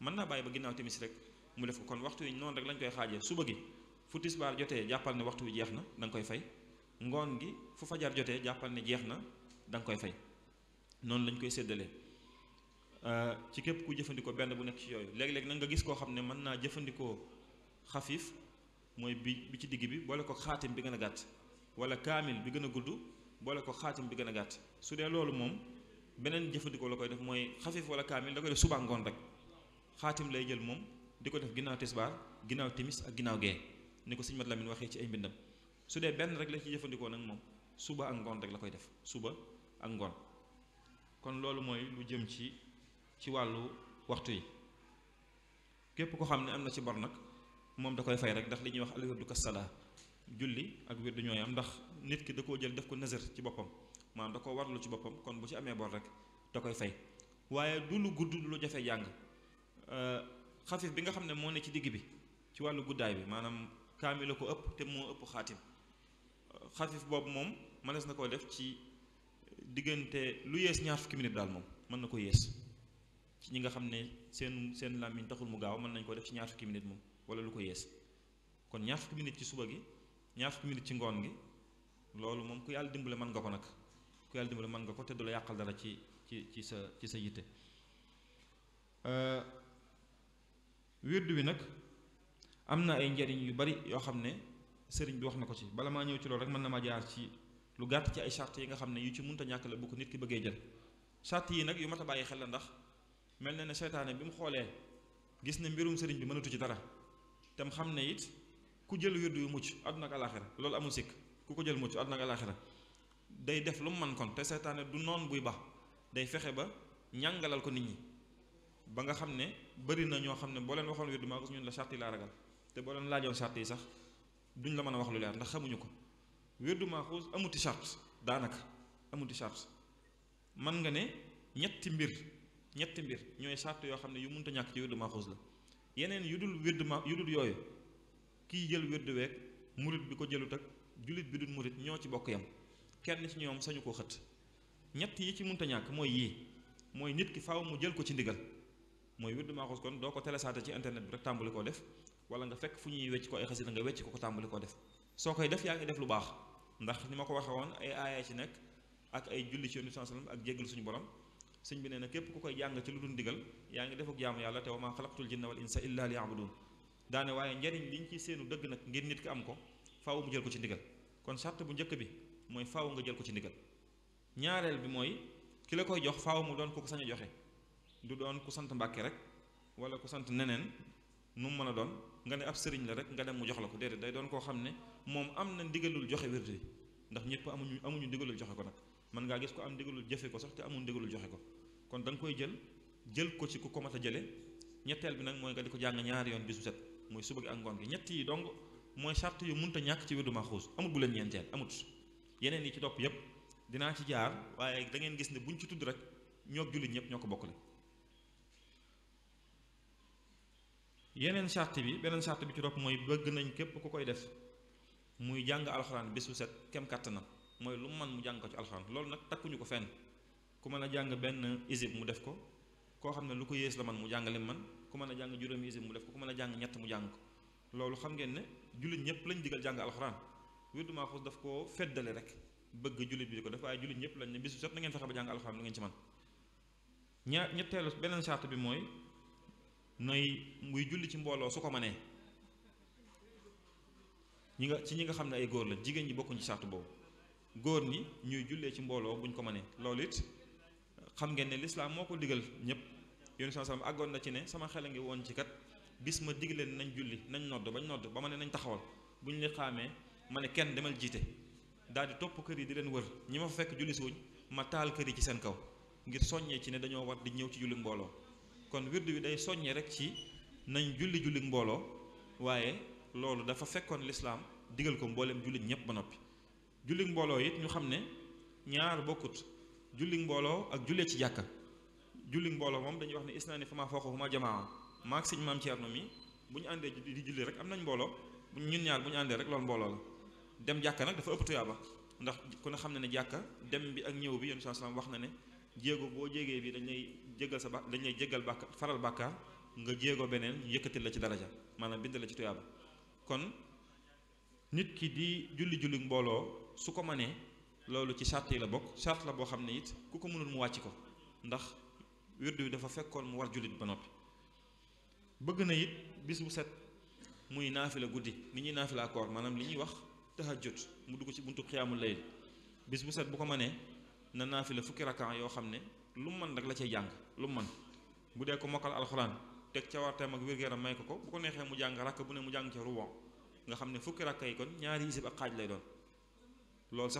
mën naa bàyyi ba ginnaaw timis rek mu def ko kon waxtu yi noonu rek lañ koy xaajee suba gi fu tisbaar jotee jàppal ne waxtu wi jeex na danga koy fay ngoon gi fu fajar jotee jàppal ne jeex na da koy fay noonu lañ koy séddalee euh, ci képp ku jëfandikoo benn bu nekk ci yooyu léeg-léeg nag nga gis koo xam ne mën naa jëfandikoo xafiif mooy bi bi ci digg bi boole ko xaatim bi gën a gàtt wala kaamil bi gën a gudd boole ko xaatim bi gën a gàtt su dee loolu moom beneen jëfandikoo la koy def mooy xafif wala kaamil da koy def suba ngoon rek xaatim lay jël moom di ko def ginnaaw tisbaar ginnaaw timis ak ginnaaw gee ni ko sëñ Mat Lamin waxee ci ay mbindam su dee benn rek la ci jëfandikoo nag moom suba ak ngoon rek la koy def suba ak ngoon kon loolu mooy lu jëm ci ci wàllu waxtu yi képp ko xam ne am na ci bor nag moom da koy fay rek ndax li ñuy wax al wirdu kasala julli ak wirdu ñooy am ndax nit ki da koo jël def ko nazar ci boppam maanaam da ko warlu ci boppam kon bu ci amee bor rek da koy fay waaye du lu gudd lu jafe jàng euh, xafif bi nga xam ne moo ne ci digg bi ci wàllu guddaay bi maanaam kaamila ko ëpp te moo ëpp xaatim euh, xafif boobu moom mënees na koo def ci diggante lu yées ñaar fukki minute daal moom mën na ko yées ci ñi nga xam ne seen seen làmmiñ taxul mu gaaw mën nañ ko def ci ñaar moom wala lu ko yées kon ñaar fukki minute ci suba gi ñaar fukki minute ci ngoon gi loolu moom ku yàlla dimbale mën nga ko nag ku yàlla dimbali mën nga ko te du la yàqal dara ci ci ci sa ci sa yitte euh, wirdu wi nag am na ay njariñ yu bari yoo xam ne sëriñ bi wax na ko ci bala maa ñëw ci loolu rek mën na ma jaar ci lu gàtt ci ay charte yi nga xam ne yu ci mënta ñàkk la bu ko nit ki bëggee jël charte yi nag yu mat a bàyyi xel la ndax mel na ne seytaane bi mu xoolee gis ne mbirum sëriñ bi mënatu ci dara tam xam ne it ku jël wirdu yu mucc àdduna ak alaaxira loolu amul sikk ku ko jël mucc àdduna day def lu mu man kon te seytaane du noon buy baax day fexe ba ñàngalal ko nit ñi ba nga xam ne bëri na ñoo xam ne boo leen waxoon wirdu maa gis ñun la charte laa ragal te boo leen laajoon charte yi sax duñ la mën a wax lu leer ndax xamuñu ko wirdu maaxuus amuti charte daanaka amuti charte man nga ne ñetti mbir ñetti mbir ñooy charte yoo xam ne yu munta ñàkk ci wirdu maaxuus la yeneen yu dul wirdu ma yu dul yooyu kii jël wirdu week murit bi ko jëlu ak jullit bi dul murit ñoo ci bokk yam kenn ci ñoom sañu koo xët ñett yi ci mënta ñàkk mooy yii mooy nit ki faaw mu jël ko ci ndigal mooy wirdu maaxuus kon doo ko tele saate ci internet bi rek tàmbali koo def wala nga fekk fu ñuy wecc ko ay xasida nga wecc ko ko tàmbali koo def soo koy def yaa ngi def lu baax ndax ni ma ko waxee woon ay aaya ci nekk ak ay julli ci yonent sallam ak jéggal suñu borom sëñ bi nee na képp ku koy jàng ci lu dul ndigal yaa ngi def ak jaamu yàlla te wa maa xalaqtul jinna wal insa illa liya'budun daane waaye njariñ liñ ci seenu dëgg nag ngir nit ki am ko faaw mu jël ko ci ndigal mooy faw nga jël ko ci ndigal ñaareel bi mooy ki la koy jox faaw mu doon ku ko sañ joxe du doon ku sant mbàkke rek wala ku sant neneen nu mu mën a doon nga ne ab sëriñ la rek nga dem mu jox la ko déedéet day doon koo xam ne moom am na ndigalul joxe wirdu ndax ñëpp amuñu amuñu ndigalul joxe ko nag mën ngaa gis ko am ndigalul jëfe ko sax te amul ndigalul joxe ko kon da nga koy jël jël ko ci ku ko mat a jële ñetteel bi nag mooy nga di ko jàng ñaari yoon bisu set mooy suba gi ak ngoon gi ñett yi dong mooy charte yu ñàkk ci wirdu maxuus amut bu leen ñeenteel amut yeneen yi ci topp yëpp dinaa ci jaar waaye da ngeen gis ne buñ ci tudd rek ñoo jullit ñëpp ñoo ko bokkale yeneen charte bi beneen charte bi ci topp mooy bëgg nañ képp ku koy def muy jàng alxuraan bisu bu set kem kàttanam mooy lu man mu jàng ko ci alxuraan loolu nag takkuñu ko fenn ku mën a jàng benn isib mu def ko koo xam ne lu ko yées la man mu jàng lim man ku mën a jàng juróomi isib mu def ko ku mën a jàng ñett mu jàng ko loolu xam ngeen ne jullit ñëpp lañ digal jàng alxuraan wirdu maaxuus daf koo feddale rek bëgg jullit bi ko def waaye jullit ñëpp lañ ne bis bu set na ngeen fexe ba jàng alxuraan beneen charte bi mooy nooy muy julli ci mbooloo su ko manee ñi nga ci ñi nga xam ne ay góor la jigéen ñi bokkuñ ci charte boobu góor ñi ñuy jullee ci mbooloo buñ ko manee loolu it xam ngeen ne lislaam moo ko digal ñëpp yéen sama sama àggoon na ci ne sama xel a ngi woon ci kat bis ma digleen leen nañ julli nañ nodd bañ nodd ba ma ne nañ taxawal buñ li xaamee ma ne kenn demal jiite daal topp kër yi di leen wër ñi ma fa fekk julli si wuñ ma taal kër yi ci seen kaw ngir soññee ci ne dañoo war di ñëw ci julli mbooloo kon wird wi day soññee rek ci nañ julli julli mbooloo waaye loolu dafa fekkoon lislaam digal ko mbooleem jullit ñëpp ba noppi julli mbooloo it ñu xam ne ñaar bokkut julli mbooloo ak jullee ci jàkka julli mbooloo moom dañu wax ne isnaani famaa ma jamaa maag sëñ maam Thierno mi bu ñu àndee di julli rek am nañ mbooloo ñun ñaar bu ñu àndee rek mbooloo la dem jàkka nag dafa ëpp tuyaaba ndax ku ne xam ne ne jàkka dem bi ak ñëw bi yonent sallallahu alayhi wax na ne jéego boo jéegee bi dañuy lay sa ba dañuy lay jégal bàkka faral bàkkaar nga jéego beneen yëkkatil la ci daraja maanaam bind la ci tuyaaba kon nit ki di julli julli mbooloo su ko manee loolu ci sart yi la bokk sart la boo xam ne it ku ko mënul mu wàcc ko ndax wirdu wi dafa fekkoon mu war jullit ba noppi bëgg na it bis bu set muy naafila guddi ni ñuy naafila koor maanaam li ñuy wax tahajjud mu dugg ci buntu xiyaamu layl bis bu set bu ko mënee na naafila fukki rakkan yoo xam ne lu mu mën rek la cay lu mu mën bu dee ko mokkal alxuraan teg ca warteem ko mu jàng rakk bu ne mu jàng ca ruban ne fukki rakk yi kon ñaari isib ak xaaj lay doon loolu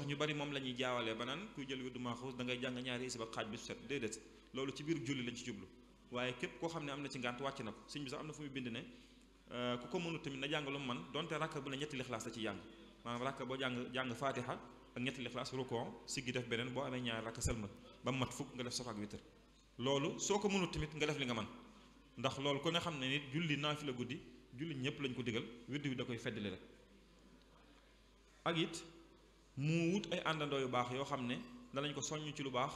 la ñuy jaawalee ba naan kuy jël wirdu maaxuus da ngay jàng ñaari isib ak xaaj ci ne na ci ngànt wàcc na ko sëñ bi sax am na fu muy euh, jàng lu mu mën donte rakk bu ne ñetti lixlaas la ci jàng maanaam rakk boo jàng jàng fatiha ak ñetti lixlaas si siggi def beneen boo amee ñaar rakk sëlmal ba mat fukk nga def safa ak witr loolu soo ko mënut tamit nga def li nga man ndax loolu ku ne xam ne nit julli naafila guddi julli ñëpp lañ ko digal wird wi da koy feddali rek it mu wut ay àndandoo yu baax yoo xam ne danañ ko soññ ci lu baax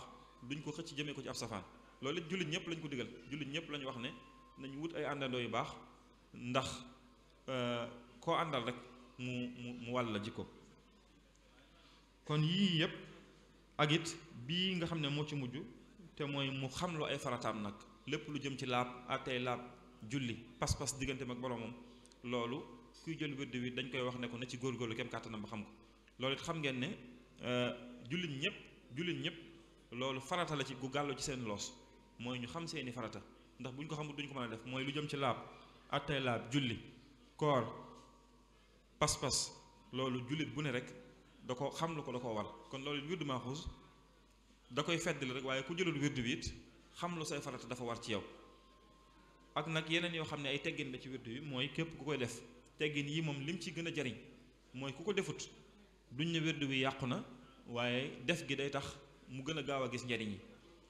duñ ko xëcc jëmee ko ci ab safaan loolu it ñëpp lañ ko digal jullit ñëpp lañ wax ne nañu wut ay àndandoo yu baax ndax euh, koo àndal rek mu mu mu wàll jikko kon yii yëpp ak it bii nga xam ne moo ci mujj te mooy mu xam lu ay farataam nag lépp lu jëm ci laab àttey laab julli pas-pas digganteem ak boromam loolu kuy jël wird wi dañ koy wax ne ko na ci góorgóorlu kem kàttanam ba xam ko loolu it xam ngeen ne euh, jullit ñëpp jullit ñëpp loolu farata la ci gu gàllu ci seen loos mooy ñu xam seeni farata ndax bu ñu ko xamul duñ ko mën a def mooy lu jëm ci laab àttey laab julli koor pas-pas loolu jullit bu ne rek da ko xam lu ko da ko war kon loolu wirdu maaxuus da koy feddali rek waaye ku jëlul wirdu bi it xam lu say farata dafa war ci yow ak nag yeneen yoo xam ne ay teggin la ci wirdu wi mooy képp ku koy def teggin yi moom lim ci gën a jariñ mooy ku ko defut duñ ne wirdu wi yàqu na waaye def gi day tax mu gën a gaaw a gis njariñ yi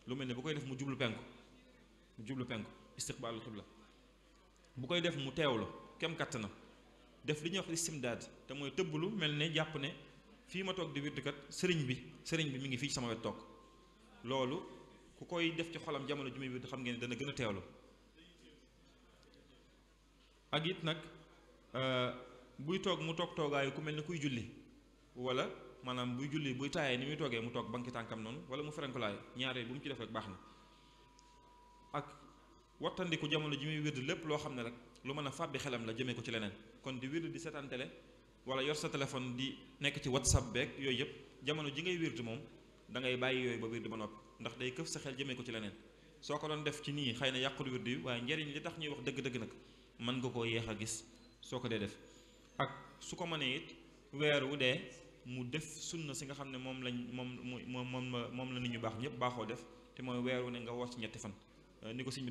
lu mel ne bu koy def mu jublu penku mu jublu penku istiqbaalul xibla bu koy def mu teewlu kem kàttanam def li ñu wax istimdaad te mooy tëbblu mel ni jàpp ne fii ma toog di wirdukat sëriñ bi sëriñ bi mu ngi fii sama wet toog loolu ku koy def ci xolam jamono ji muy wird ngeen dana gën a teewlu ak nag euh, buy toog mu toog toogaayu ku mel ne kuy julli wala maanaam buy julli buy taayee ni muy toogee mu toog banki tànkam noonu wala mu ferenkulaay ñaare bu mu ci def baax na ak wattandiku jamono ji muy wird lépp loo xam ne rek lu mën a fàbbi xelam la jëmee ko ci leneen kon di wirdu di seetaan télé wala yor sa téléphone di nekk ci whatsapp beeg yooyu yëpp jamono ji ngay wirdu moom dangay bàyyi yooyu ba wirdu ba noppi ndax day këf sa xel jëmee ko ci leneen soo ko doon def ci nii xay na yàqul wirdu yi waaye njëriñ li tax ñuy wax dëgg-dëgg nag mën nga koo yéex a gis soo ko dee def ak su ko mënee it weer wu dee mu def sunna si nga xam ne moom lañ moom moom moom la nit ñu baax ñëpp baaxoo def te mooy weer wu ne nga woor ci ñetti fan ni ko sëñ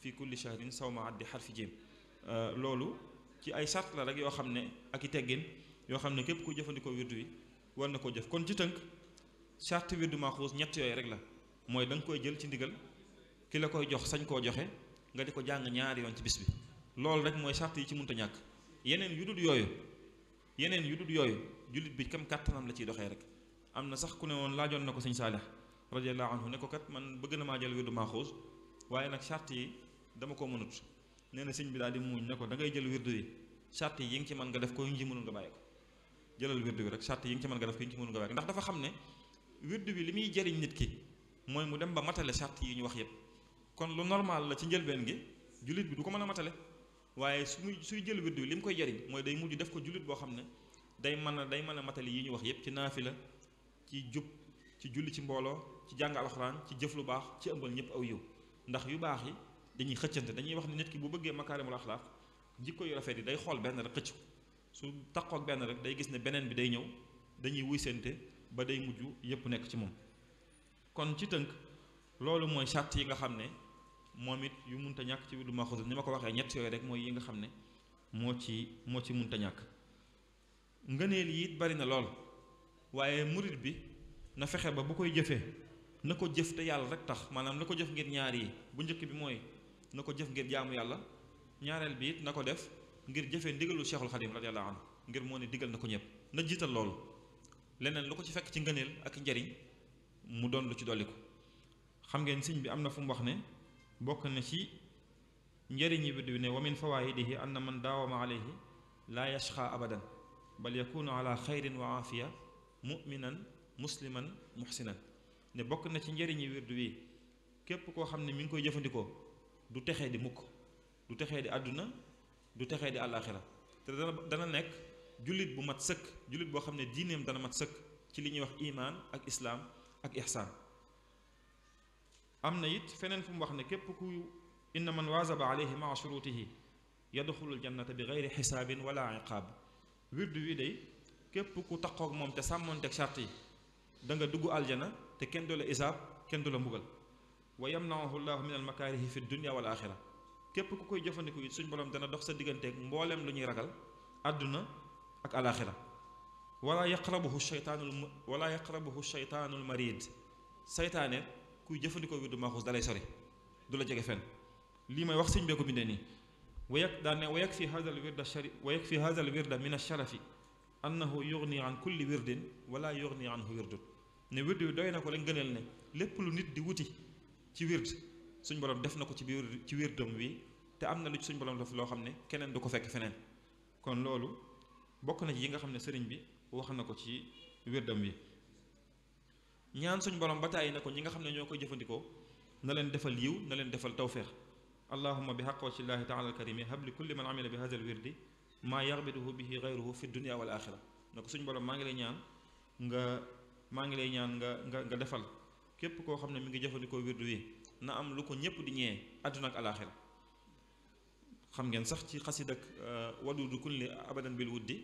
fi kulli shahrin saw ma addi xar fi jéem euh, loolu ci ay sart la rek yoo xam ne ak i teggin yoo xam ne képp ku jëfandikoo wirdu wi war na koo jëf kon ci tënk sart wirdu maxuus ñett yooyu rek la mooy danga koy jël ci ndigal ki la koy jox sañ koo joxe nga di ko jàng ñaari yoon ci bis bi loolu rek mooy sart yi ci munta ñàkk yeneen yu yooyu yeneen yu yooyu jullit bi kam kàttanam la ciy doxee rek am na sax ku ne woon laajoon na ko sëñ Saalix radiyallahu ne ko man bëgg na maa jël wirdu maxuus waaye dama ko mënut nee na sëñ bi daal di muuñ ne ko da ngay jël wirdu yi sart yi nga ci mën nga def ko yu ñu ci mënul nga bàyyi ko jëlal wirdu bi rek sart yi nga ci mën nga def ko yu ñu ci mënul nga bàyyi ko ndax dafa xam ne wirdu bi li muy jëriñ nit ki mooy mu dem ba matale sart yi ñu wax yépp kon lu normal la ci njëlbeen gi jullit bi du ko mën a matale waaye su muy suy jël wirdu bi li mu koy jëriñ mooy day mujj def ko jullit boo xam ne day man a day mën a matali yi ñu wax yépp ci naafila ci jub ci julli ci mbooloo ci jàng alxuraan ci jëf lu baax ci ëmbal ñëpp aw yiw ndax yu baax yi dañuy xëccante dañuy wax ne nit ki bu bëggee makaarimul axlaaq jikko yu rafet yi day xool benn rek xëcc su taqoo ak benn rek day gis ne beneen bi day ñëw dañuy wuysante ba day mujj yépp nekk ci moom kon ci tënk loolu mooy sart yi nga xam ne moom it yu munta ñàkk ci wirdu maxuus ni ma ko waxee ñett yooyu rek mooy yi nga xam ne moo ci moo ci munta ñàkk ngëneel yi it bari na lool waaye murit bi na fexe ba bu koy jëfee na ko jëf te yàlla rek tax maanaam la ko jëf ngir ñaar yi bu njëkk bi mooy na ko jëf ngir jaamu yàlla ñaareel bi it na ko def ngir jëfee ndigalu Cheikhul Xadim radiyallahu anhu ngir moo ne digal na ko ñëpp na jiital loolu leneen lu ko ci fekk ci ngëneel ak njariñ mu doon lu ci dolli ko xam ngeen sëñ bi am na fu mu wax ne bokk na ci njariñ yi biddu bi ne wa min fawaidihi anna man daawama alayhi laa yashqa abadan bal yakunu ala xayrin wa afiya muminan musliman muhsinan ne bokk na ci njariñi wirdu wi képp koo xam ne mi ngi koy jëfandikoo du texee di mukk du texee di àdduna du texe di àllaaxira te dana dana nekk jullit bu mat sëkk jullit boo xam ne diineem dana mat sëkk ci li ñuy wax imaan ak islaam ak ihsaan am na it feneen fu mu wax ne képp ku inna man waazaba alayhi maa shurutihi yadxulul jannata bi gayri xisaabin wala iqaab wirdu wi day képp ku taqoog moom te sàmmoonteeg sart yi da nga dugg aljana te kenn du la isaab kenn du la mbugal wa yamnaahu llaahu min al makaarihi fi dunya wal axira képp ku koy jëfandiku it suñ borom dana dox sa digganteeg mbooleem lu ñuy ragal àdduna ak alaxira wala yaqrabuhu shaytaanul wala yaqrabuhu shaytaanul marid saytaane kuy jëfandikoo wirdu maaxuus dalay sori du la jege fenn lii may wax sëñ bee ko bindee nii wa yak daan ne wa yakfi hada al wirda shari wa yakfi hada al wirda min asharafi annahu yugni an kulli wirdin wala yugni anhu wirdun ne wirdu bi na ko la gënal lépp lu nit di wuti ci wird suñ borom def na ko ci biir ci doom wi te am na lu ci suñ borom def loo xam ne keneen du ko fekk feneen kon loolu bokk na ci yi nga xam ne sëriñ bi wax na ko ci wirdam wi ñaan suñ borom ba tàyyi na ko ñi nga xam ne ñoo koy jëfandikoo na leen defal yiw na leen defal tawféex allahuma bi xaq wacillaahi taala alkarimi habli kulli man amila bi hada al wirdi maa yarbiduhu bihi gayruhu fi dunia wal axira na ko suñ borom maa ngi lay ñaan nga maa ngi lay ñaan nga nga nga defal képp koo xam ne mu ngi jëfandikoo wirdu wi na am lu ko ñëpp di ñee àdduna ak alaaxira xam ngeen sax ci xasid ak euh, wadudu kulli abadan bil di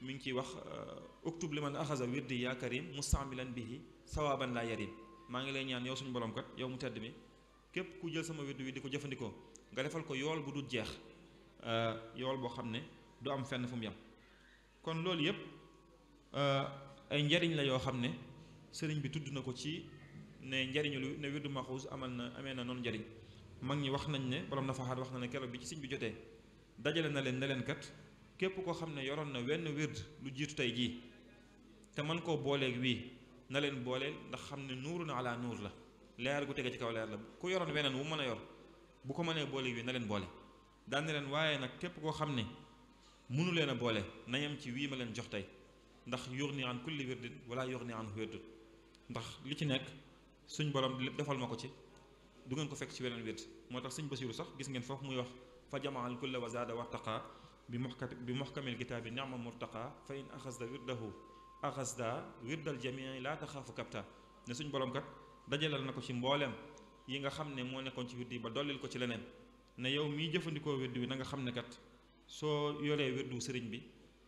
mu ngi ciy wax euh, uktub liman axasa wirdi yaa karim mustaamilan bihi sawaaban laa yi maa ngi lay ñaan yow suñu borom kat yow mu tedd mi képp ku jël sama wirdu wi di ko jëfandikoo nga defal ko yool bu dul jeex euh, yool boo xam ne du am fenn fu mu yem kon loolu yëpp ay njariñ la yoo xam ne sëriñ bi tudd na ko ci ne njariñu lu ne wirdu maxuus amal na amee na noonu njariñ mag ñi wax nañ ne borom na faxaat wax na ne keroog bi ci sëñ bi jotee dajale na leen ne leen kat képp koo xam ne yoroon na wenn wird lu jiitu tey jii te mën koo booleeg wii na leen booleel ndax xam ne nuur na ala nuur la leer gu tege ci kaw leer la ku yoroon weneen wu mën a yor bu ko mënee booleeg wii na leen boole daan leen waaye nag képp koo xam ne mënu leen a boole nayam ci wii ma leen jox tey ndax yurni an kulli wirdin wala yurni an wirdin suñ borom lépp defal ma ko ci du ngeen ko fekk ci weneen wét moo tax sëñ Basiiru sax gis ngeen foofu muy wax fa jamaal kulla wa zaada wartaqa bi muxka bi muxkamil kitaabi ni'ma murtaqa fa in axasda wirdahu axasda wirdal jamii laa taxaafu kapta ne suñ borom kat dajalal na ko ci mbooleem yi nga xam ne moo nekkoon ci yi ba dollil ko ci leneen ne yow miy jëfandikoo wirdu wi na nga xam ne kat soo yoree wirdu sëriñ bi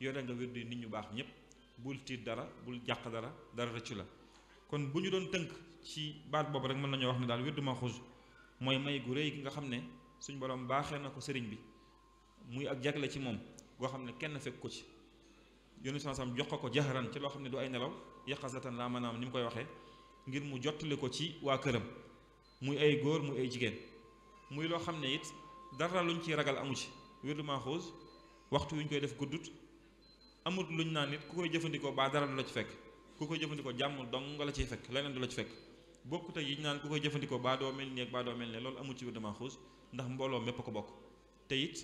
yore nga wirdu nit ñu baax ñëpp bul tiit dara bul jàq dara dara rëccu la ci baat boobu rek mën nañoo wax ne daal wirdu maxuus mooy may gu rëy gi nga xam ne suñ borom baaxee na ko sëriñ bi muy ak jagle ci moom goo xam ne kenn fekk ko ci yónni sama sam jox ko ko jaxaran ci loo xam ne du ay nelaw yaqazatan laa maanaam ni mu koy waxee ngir mu jottali ko ci waa këram muy ay góor muy ay jigéen muy loo xam ne it dara luñ ciy ragal amu ci wirdu maxuus waxtu yu ñu koy def guddut amut luñ naan nit ku koy jëfandikoo baa dara du la ci fekk ku koy jëfandikoo jàmm dong nga la ciy fekk leneen du la ci fekk bokkute yi ñu naan ku koy jëfandikoo baa doo mel nii ak baa doo mel ne loolu amul ci biir dama xuus ndax mbooloo mépp ko bokk te it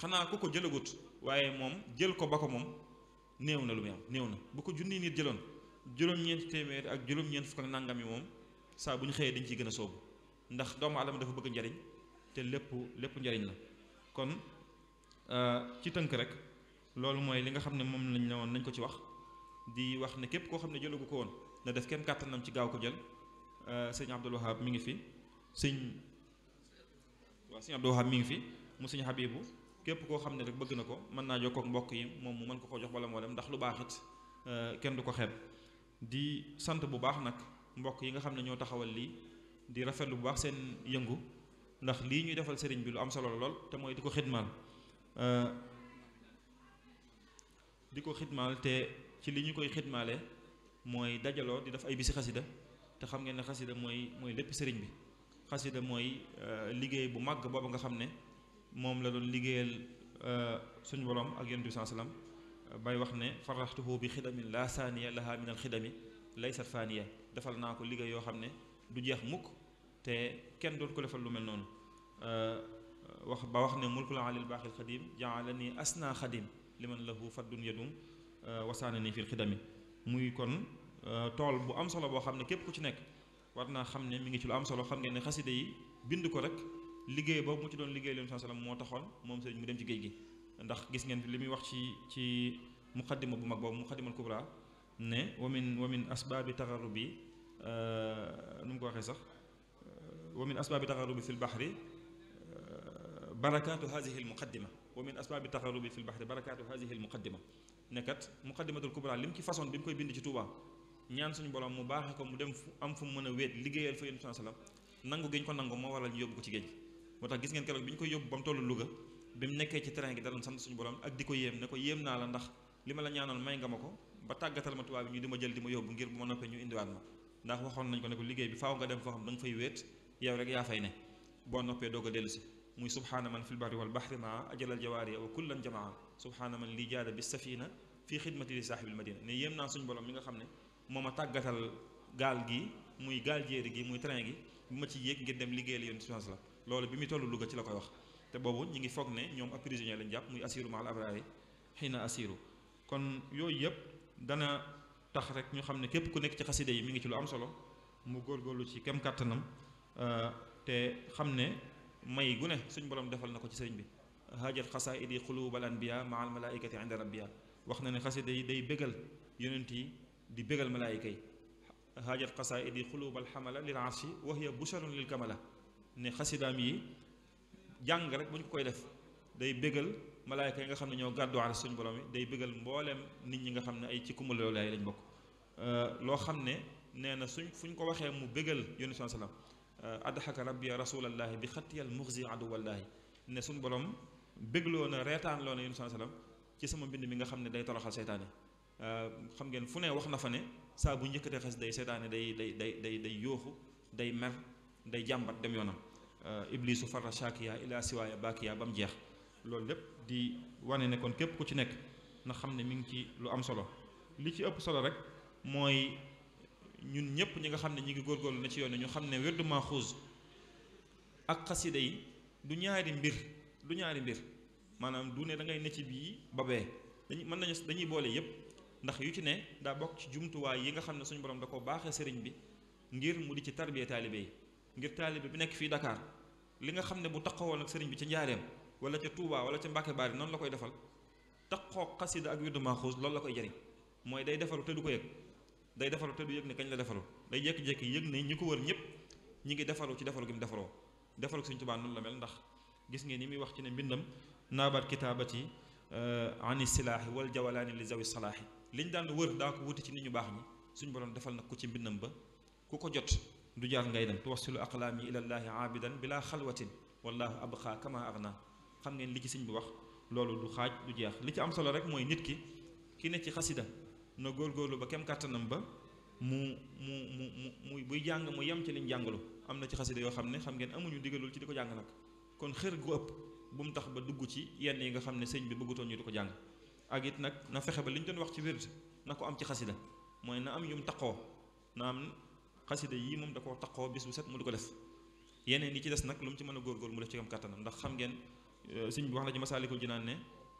xanaa ku ko jëlagut waaye moom jël ko ba ko moom néew na lu muy am néew na bu ko junni nit jëloon juróom-ñeent téeméer ak juróom fukk ak nangam yi moom saa bu ñu xëyee dañ ciy gën a soobu ndax doomu adama dafa bëgg njariñ te lépp lépp njariñ la kon euh, ci tënk rek loolu mooy li nga xam ne moom lañ ne nañ ko ci wax di wax ne képp koo xam ne jëlagu ko woon na def kenn kàttanam ci gaaw ko jël Euh, sëñ Abdul Wahab mi ngi fi sëñ waa sëñ Abdul Wahab mi ngi fi mu sëñ Habibu képp koo xam ne rek bëgg na ko mën naa jokkoo ak mbokk yi moom mu mën ko ko jox wala moo dem ndax lu baax it euh, kenn du ko xeeb di sant bu baax nag mbokk yi nga xam ne ñoo taxawal lii di rafetlu bu baax seen yëngu ndax lii ñuy defal sëriñ bi lu am solo lool te mooy di ko xidmaal euh, di ko xidmaal te ci li ñu koy xidmaale mooy dajaloo di def ay bisi xasida te xam ngeen ne xasida mooy mooy lépp sëriñ bi xasida mooy euh, liggéey bu màgg boobu nga xam ne moom la doon liggéeyal euh, suñu borom ak yonent bi saa salaam bay wax ne faraxtuhu bi xidamin la saaniya laha min al xidami laysat faaniya defal naa ko liggéey yoo xam ne du jeex mukk te kenn doon ko defal lu mel noonu euh, wax ba wax ne mulkul alil baaxil xadim jaala ni asna xadim liman lahu faddun yadum wasaana ni fil xidami muy kon Euh, tool bu am solo boo xam ne képp ku ci nekk war naa xam ne mi ngi ci lu am solo xam ngeen ne xasida yi bind ko rek liggéey boobu mu ci doon liggéey leen saa sallam moo taxoon moom sëriñ mu dem ci géej gi ndax gis ngeen li muy wax ci ci muqaddima bu mag boobu muqaddimal kubra ne wa min wa min asbaabi taxarubi euh, nu mu ko waxee sax euh, wa min asbaabi taxarubi fil baxri barakaatu hadihi al muqaddima wa min asbaabi taxarubi fil baxri barakaatu hadihi al muqaddima nekkat muqaddimatul kubra lim ci façon bi mu koy bind ci ñaan suñu borom mu baax ko mu dem fu am fu mu mën a wéet liggéeyal fa yonent bi sallam ko nangu moo waral ñu ko ci géej moo tax gis ngeen keroog bi ñu koy yóbbu ba mu tollu mu nekkee ci terrain gi dara sant suñu borom ak di ko yéem ne ko yéem naa la ndax li ma la ñaanoon may nga ma ko ba tàggatal ma tubaab bi ñu di ma jël di ma yóbbu ngir bu ma noppee ñu indiwaat ma ndax waxoon nañ ko liggéey bi faaw nga dem foo xam da nga wéet yow rek yaa fay ne boo noppee doog a dellu si muy subhaana man fil barri wal bahri ma ajalal jawaari wa kullan jamaa subhaana man li jaada bi safina fii xidmati li saahibil madina ne yéem naa borom mi nga xam ne moo ma tàggatal gaal gi muy gaal jéeri gi muy train gi bu ma ci yéeg ngir dem liggéeyal yoon science la loole bi muy tollu Louga ci la koy wax te boobu ñi ngi foog ne ñoom ab prisonnier lañ jàpp muy assiru maal abraari xëy na assiru kon yooyu yëpp dana tax rek ñu xam ne képp ku nekk ci xaside yi mi ngi ci lu am solo mu góor góorgóorlu ci kem kàttanam euh, te xam ne may gu ne suñ borom defal na ko ci sëriñ bi hajat xasaidi quluubal anbiya ma al malaikati inda rabbiya di bégal malaayika yi haajat xasaid yi xuluubal xamala lil arshi wa hiya busharun lil kamala ne xasidaam yi jàng rek bu ñu ko koy def day bégal malaayika yi nga xam ne ñoo gàddu arsh suñu borom yi day bégal mbooleem nit ñi nga xam ne ay ci kumalo laay lañ bokk euh, loo xam ne nee na suñ fu ñu ko waxee mu bégal yónni saa sallam euh, adxaka rabbi rasulallaahi bi xattiyal muxzi aduwallaahi ne suñ borom bégloo na reetaan loo na yónni saa sallam ci sama mbind mi nga xam ne day toroxal seytaane Euh, xam ngeen fu ne wax na fa ne saa bu njëkkatee xas day seetaane day day day day day yooxu day mer day jàmbat dem yoonam euh, iblisu farra shakiya ila siwaaya bakiya ba mu jeex loolu lépp di wane nekkoon képp ku ci nekk na xam ne mi ngi ci lu am solo li ci ëpp solo rek mooy ñun ñëpp ñi nga xam ne ñu ngi góorgóorlu na ci yoon ñu xam ne wérdu maaxuus ak xasida yi du ñaari mbir du ñaari mbir maanaam du ne da ngay ci bii ba bee dañuy mën nañu dañuy boole yëpp ndax yu ci ne daa bokk ci jumtuwaay yi nga xam ne suñu borom da koo baaxee sëriñ bi ngir mu di ci tarbiya taalibe yi ngir taalibe bi nekk fii dakaar li nga xam ne bu taxawoon ak sëriñ bi ca njaareem wala ca tuubaa wala ca Mbacke Bari noonu la koy defal taxoo xasida ak wirdu maxuus loolu la koy jariñ mooy day defaru te du ko yëg day defalu te du yëg ne kañ la defalu day jékki-jékki yëg ne ñi ko wër ñëpp ñi ngi defalu ci defalu gi mu defaroo defalu Sëriñ Tuubaa noonu la mel ndax gis ngeen ni muy wax ci ne mbindam naabaat kitaabati eh, ani silaahi wal jawalaani li zawi salaahi liñ daan wër daa ko wuti ci ni ñu baax ñi suñu borom defal na ko ci mbindam ba ku ko jot du jaar ngay dem tuwasilu aqlaami ilallaahi aabidan bila xalwatin wallaahu abqa kama agna xam ngeen li ci sëñ bi wax loolu du xaaj du jeex li ci am solo rek mooy nit ki ki ne ci xasida na góorlu ba kem kàttanam ba mu mu mu mu buy jàng mu yem ci liñ jàngalu am na ci xasida yoo xam ne xam ngeen amuñu digalul ci di ko jàng nag kon xër gu ëpp bu mu tax ba dugg ci yenn yi nga xam ne sëñ bi bëggutoon ñu di ko jàng ak it nag na fexe ba li ñu doon wax ci wird na ko am ci xasida mooy na am yum taqoo na am xasida yii moom da koo taqoo bis bu set mu du ko def yeneen yi ci des nag lu mu ci mën a góorgóorlu mu def ci kam kàttanam ndax xam ngeen euh, sëñ bi wax na ci masaalikul jinaan ne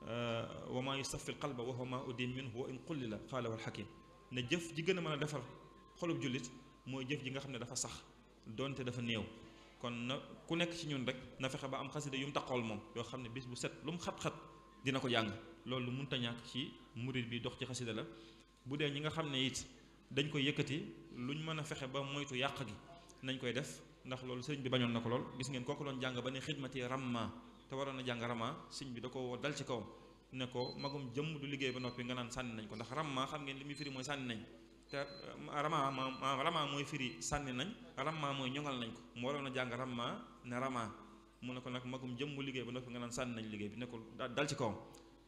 euh, wa maa yusafi lqalba wa huwa maa udim minhu wa in qulli la qaala wal xakim ne jëf ji gën a mën a defar xolub jullit mooy jëf ji nga xam ne dafa sax donte dafa néew kon na ku nekk ci ñun rek na fexe ba am xasida yu mu taqool moom yoo xam ne bis bu set lu mu xat-xat dina ko jàng loolu mun a ci murit bi dox ci xasida la bu dee ñi nga xam ne it dañ koy lu ñu mën a fexe ba moytu yàq gi nañ koy def ndax loolu sëriñ bi bañoon na ko lool gis ngeen kooku doon jàng ba ne xidmati ramma te waroon a jàng ramma sëriñ bi da ko dal ci kawam ne ko magum jëmm du liggéey ba noppi nga naan sànni nañ ko ndax ramma xam ngeen li muy firi mooy sànni nañ te ramma ramma mooy firi sànni nañ ramma mooy ñoŋal nañ ko mu waroon a jàng ramma ne ramma mu ne ko nag magum jëmm liggéey ba noppi nga naan sànni nañ liggéey bi ne ko dal ci kawam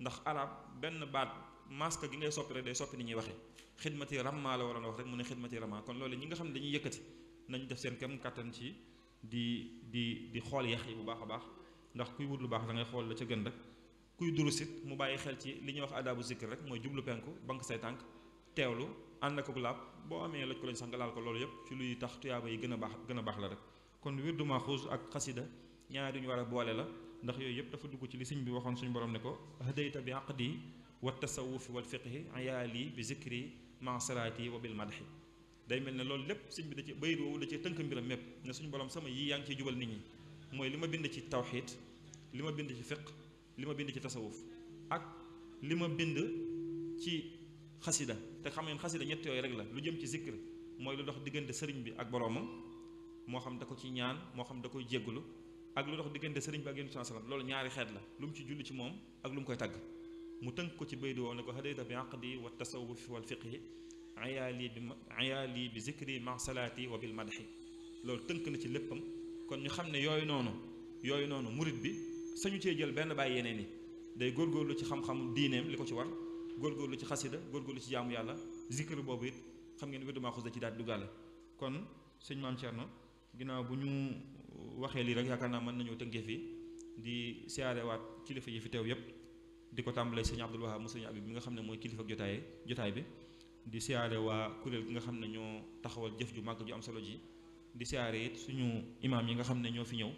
ndax arab benn baat masque gi ngay soppi rek day soppi ni ñuy waxee xidmati ramma la waroon wax rek mu ne xidmati ramma kon loolu ñi def seen kem kàttan ci di di di xool yax bu baax a baax ndax kuy wut lu baax da ngay xool la ca gën rek kuy durusit mu bàyyi xel ci li ñuy wax adabu zikr rek mooy jublu penku banque say tànk teewlu ànd ak laab boo amee laj ko lañ sax laal ko loolu yëpp ci luy tax tuyaaba yi gën a baax gën a baax la rek kon wirdu maxuus ak xasida ñaari duñu war a boole la ndax yooyu yëpp dafa dugg ci li sëñ bi waxoon suñu borom ne ko hadayta bi di wa tasawufi wal fiqhi ayaali bi zikri ma salaati wa bil madhi day mel ne loolu lépp sëñ bi da ci bayit woowu da ci tënk mbiram mépp ne suñu borom sama yii yaa ngi ciy jubal nit ñi mooy li ma bind ci tawxiid li ma bind ci fiq li ma bind ci tasawuf ak li ma bind ci xasida te xam ngeen xasida ñett yooyu rek la lu jëm ci zikr mooy lu dox diggante sëriñ bi ak boroomam moo xam da ko ci ñaan moo xam da koy ak lu dox diggante sëriñ bi ak yonent bi salaam loolu ñaari xeet la lu mu ci julli ci moom ak lu mu koy tagg mu tënk ko ci baydu woo ne ko hadayta bi aqdi wa tasawufi wal fiqhi ayaali bi ayaali bi zikri ma salaati wa tënk na ci léppam kon ñu xam ne yooyu noonu yooyu noonu murit bi sañu cee jël benn baay yeneen yi day góorgóorlu ci xam-xam diineem li ko ci góor war góorgóorlu ci xasida góorgóorlu ci jaamu yàlla zikr boobu it xam ngeen wirdu Màhuuz da ci daal di duggaale kon sëñ maam Thierno ginnaaw bu ñu waxee lii rek yaakaar naa mën nañoo tënkee fii di siyaarewaat kilifa yi fi teew yëpp di ko tàmbalee sëñ Abdul Wahab mu sëñ Abib bi nga xam ne mooy kilifa ak jotaay jotaay bi di siyaare waa kuréel gi nga xam ne ñoo taxawal jëf ju màgg ju am solo ji di siyaare it suñu imaam yi nga xam ne ñoo fi ñëw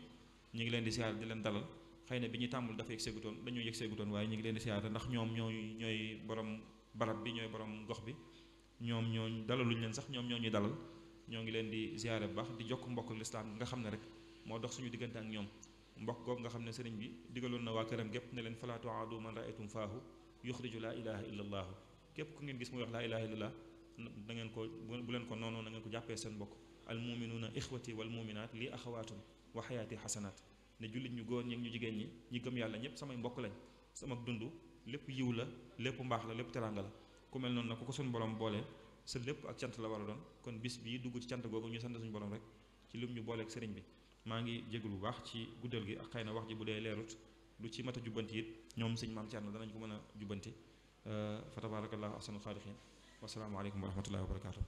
ñu ngi leen di siyaare di leen dalal xëy na bi ñu tàmbul dafa yëg seegutoon dañoo yëg seegutoon waaye ñu ngi leen di siyaare ndax ñoom ñooy ñooy borom barab bi ñooy borom gox bi ñoom ñoo dalaluñ leen sax ñoom ñoo ñuy dalal ñoo ngi leen di siyaare bu baax di jokk mbokk lislaam nga xam ne rek moo dox suñu diggante ak ñoom mbokk googu nga xam ne sëriñ bi digaloon na waa këram gépp ne leen falaa tuaadu man raaytum faahu yuxriju laa ilaha illa allaahu képp ku ngeen gis muy wax laa ilaha illallah da ngeen ko bu leen ko noonu na ngeen ko jàppee seen bokk almuminuuna ixwati wal muminaat lii axawaatum wa xayaati xasanaat ne jullit ñu góor ñi ñu jigéen ñi ñi gëm yàlla ñëpp samay mbokk lañ sama dundu lépp yiw la lépp mbaax la lépp teranga la ku mel noonu nag ko suñu borom boole sa lépp ak la war a kon bis bii dugg ci cant googu ñu sant suñu borom rek ci lim ñu booleeg sëriñ bi maa ngi jégalu bu baax ci guddal gi ak xëy na wax ji bu dee leerut lu ci mat a jubbanti it ñoom sëñ maam Thierno danañ ko mën a jubbanti euh, fa tabarakallahu ahsanul xaaliqin wasalaamaaleykum wa rahmatullahi wa barakatuh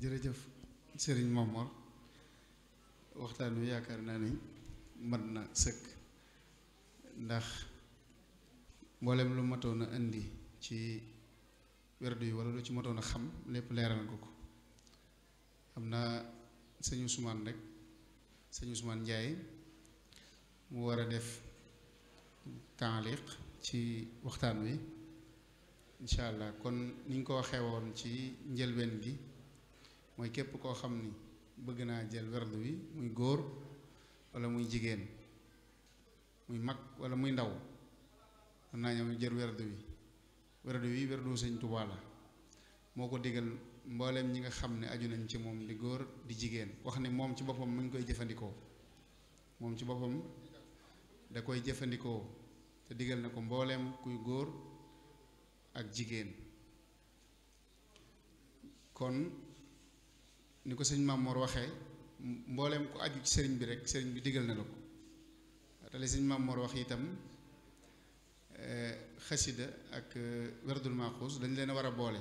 jërëjëf Serigne Mamor waxtaan wi yaakaar naa ni mat na sëkk ndax mboolem lu matoon a indi ci werd yi wala lu ci matoon a xam lépp leeral nga ko am na sëñ Ousmane rek sëñ Ousmane Ndiaye mu war a def taaliq ci waxtaan wi incha allah kon ni ñu ko waxee woon ci njëlbeen gi. mooy képp koo xam ni bëgg naa jël werdu wi muy góor wala muy jigéen muy mag wala muy ndaw mën naa ñëw jël werdu wi werdu wi werdu sëñ Tuubaa moo ko digal mbooleem ñi nga xam ne aju nañ ci moom di góor di jigéen wax ne moom ci boppam mu ngi koy jëfandikoo moom ci boppam da koy jëfandikoo te digal na ko mbooleem kuy góor ak jigéen kon ni ko sëñ Maam Mor waxee mbooleem ko aju ci sëriñ bi rek sëriñ bi digal na la ko te li sëñ Maam Mor wax itam eh, xasida ak eh, werdul maaxuus dañ leen a war a boole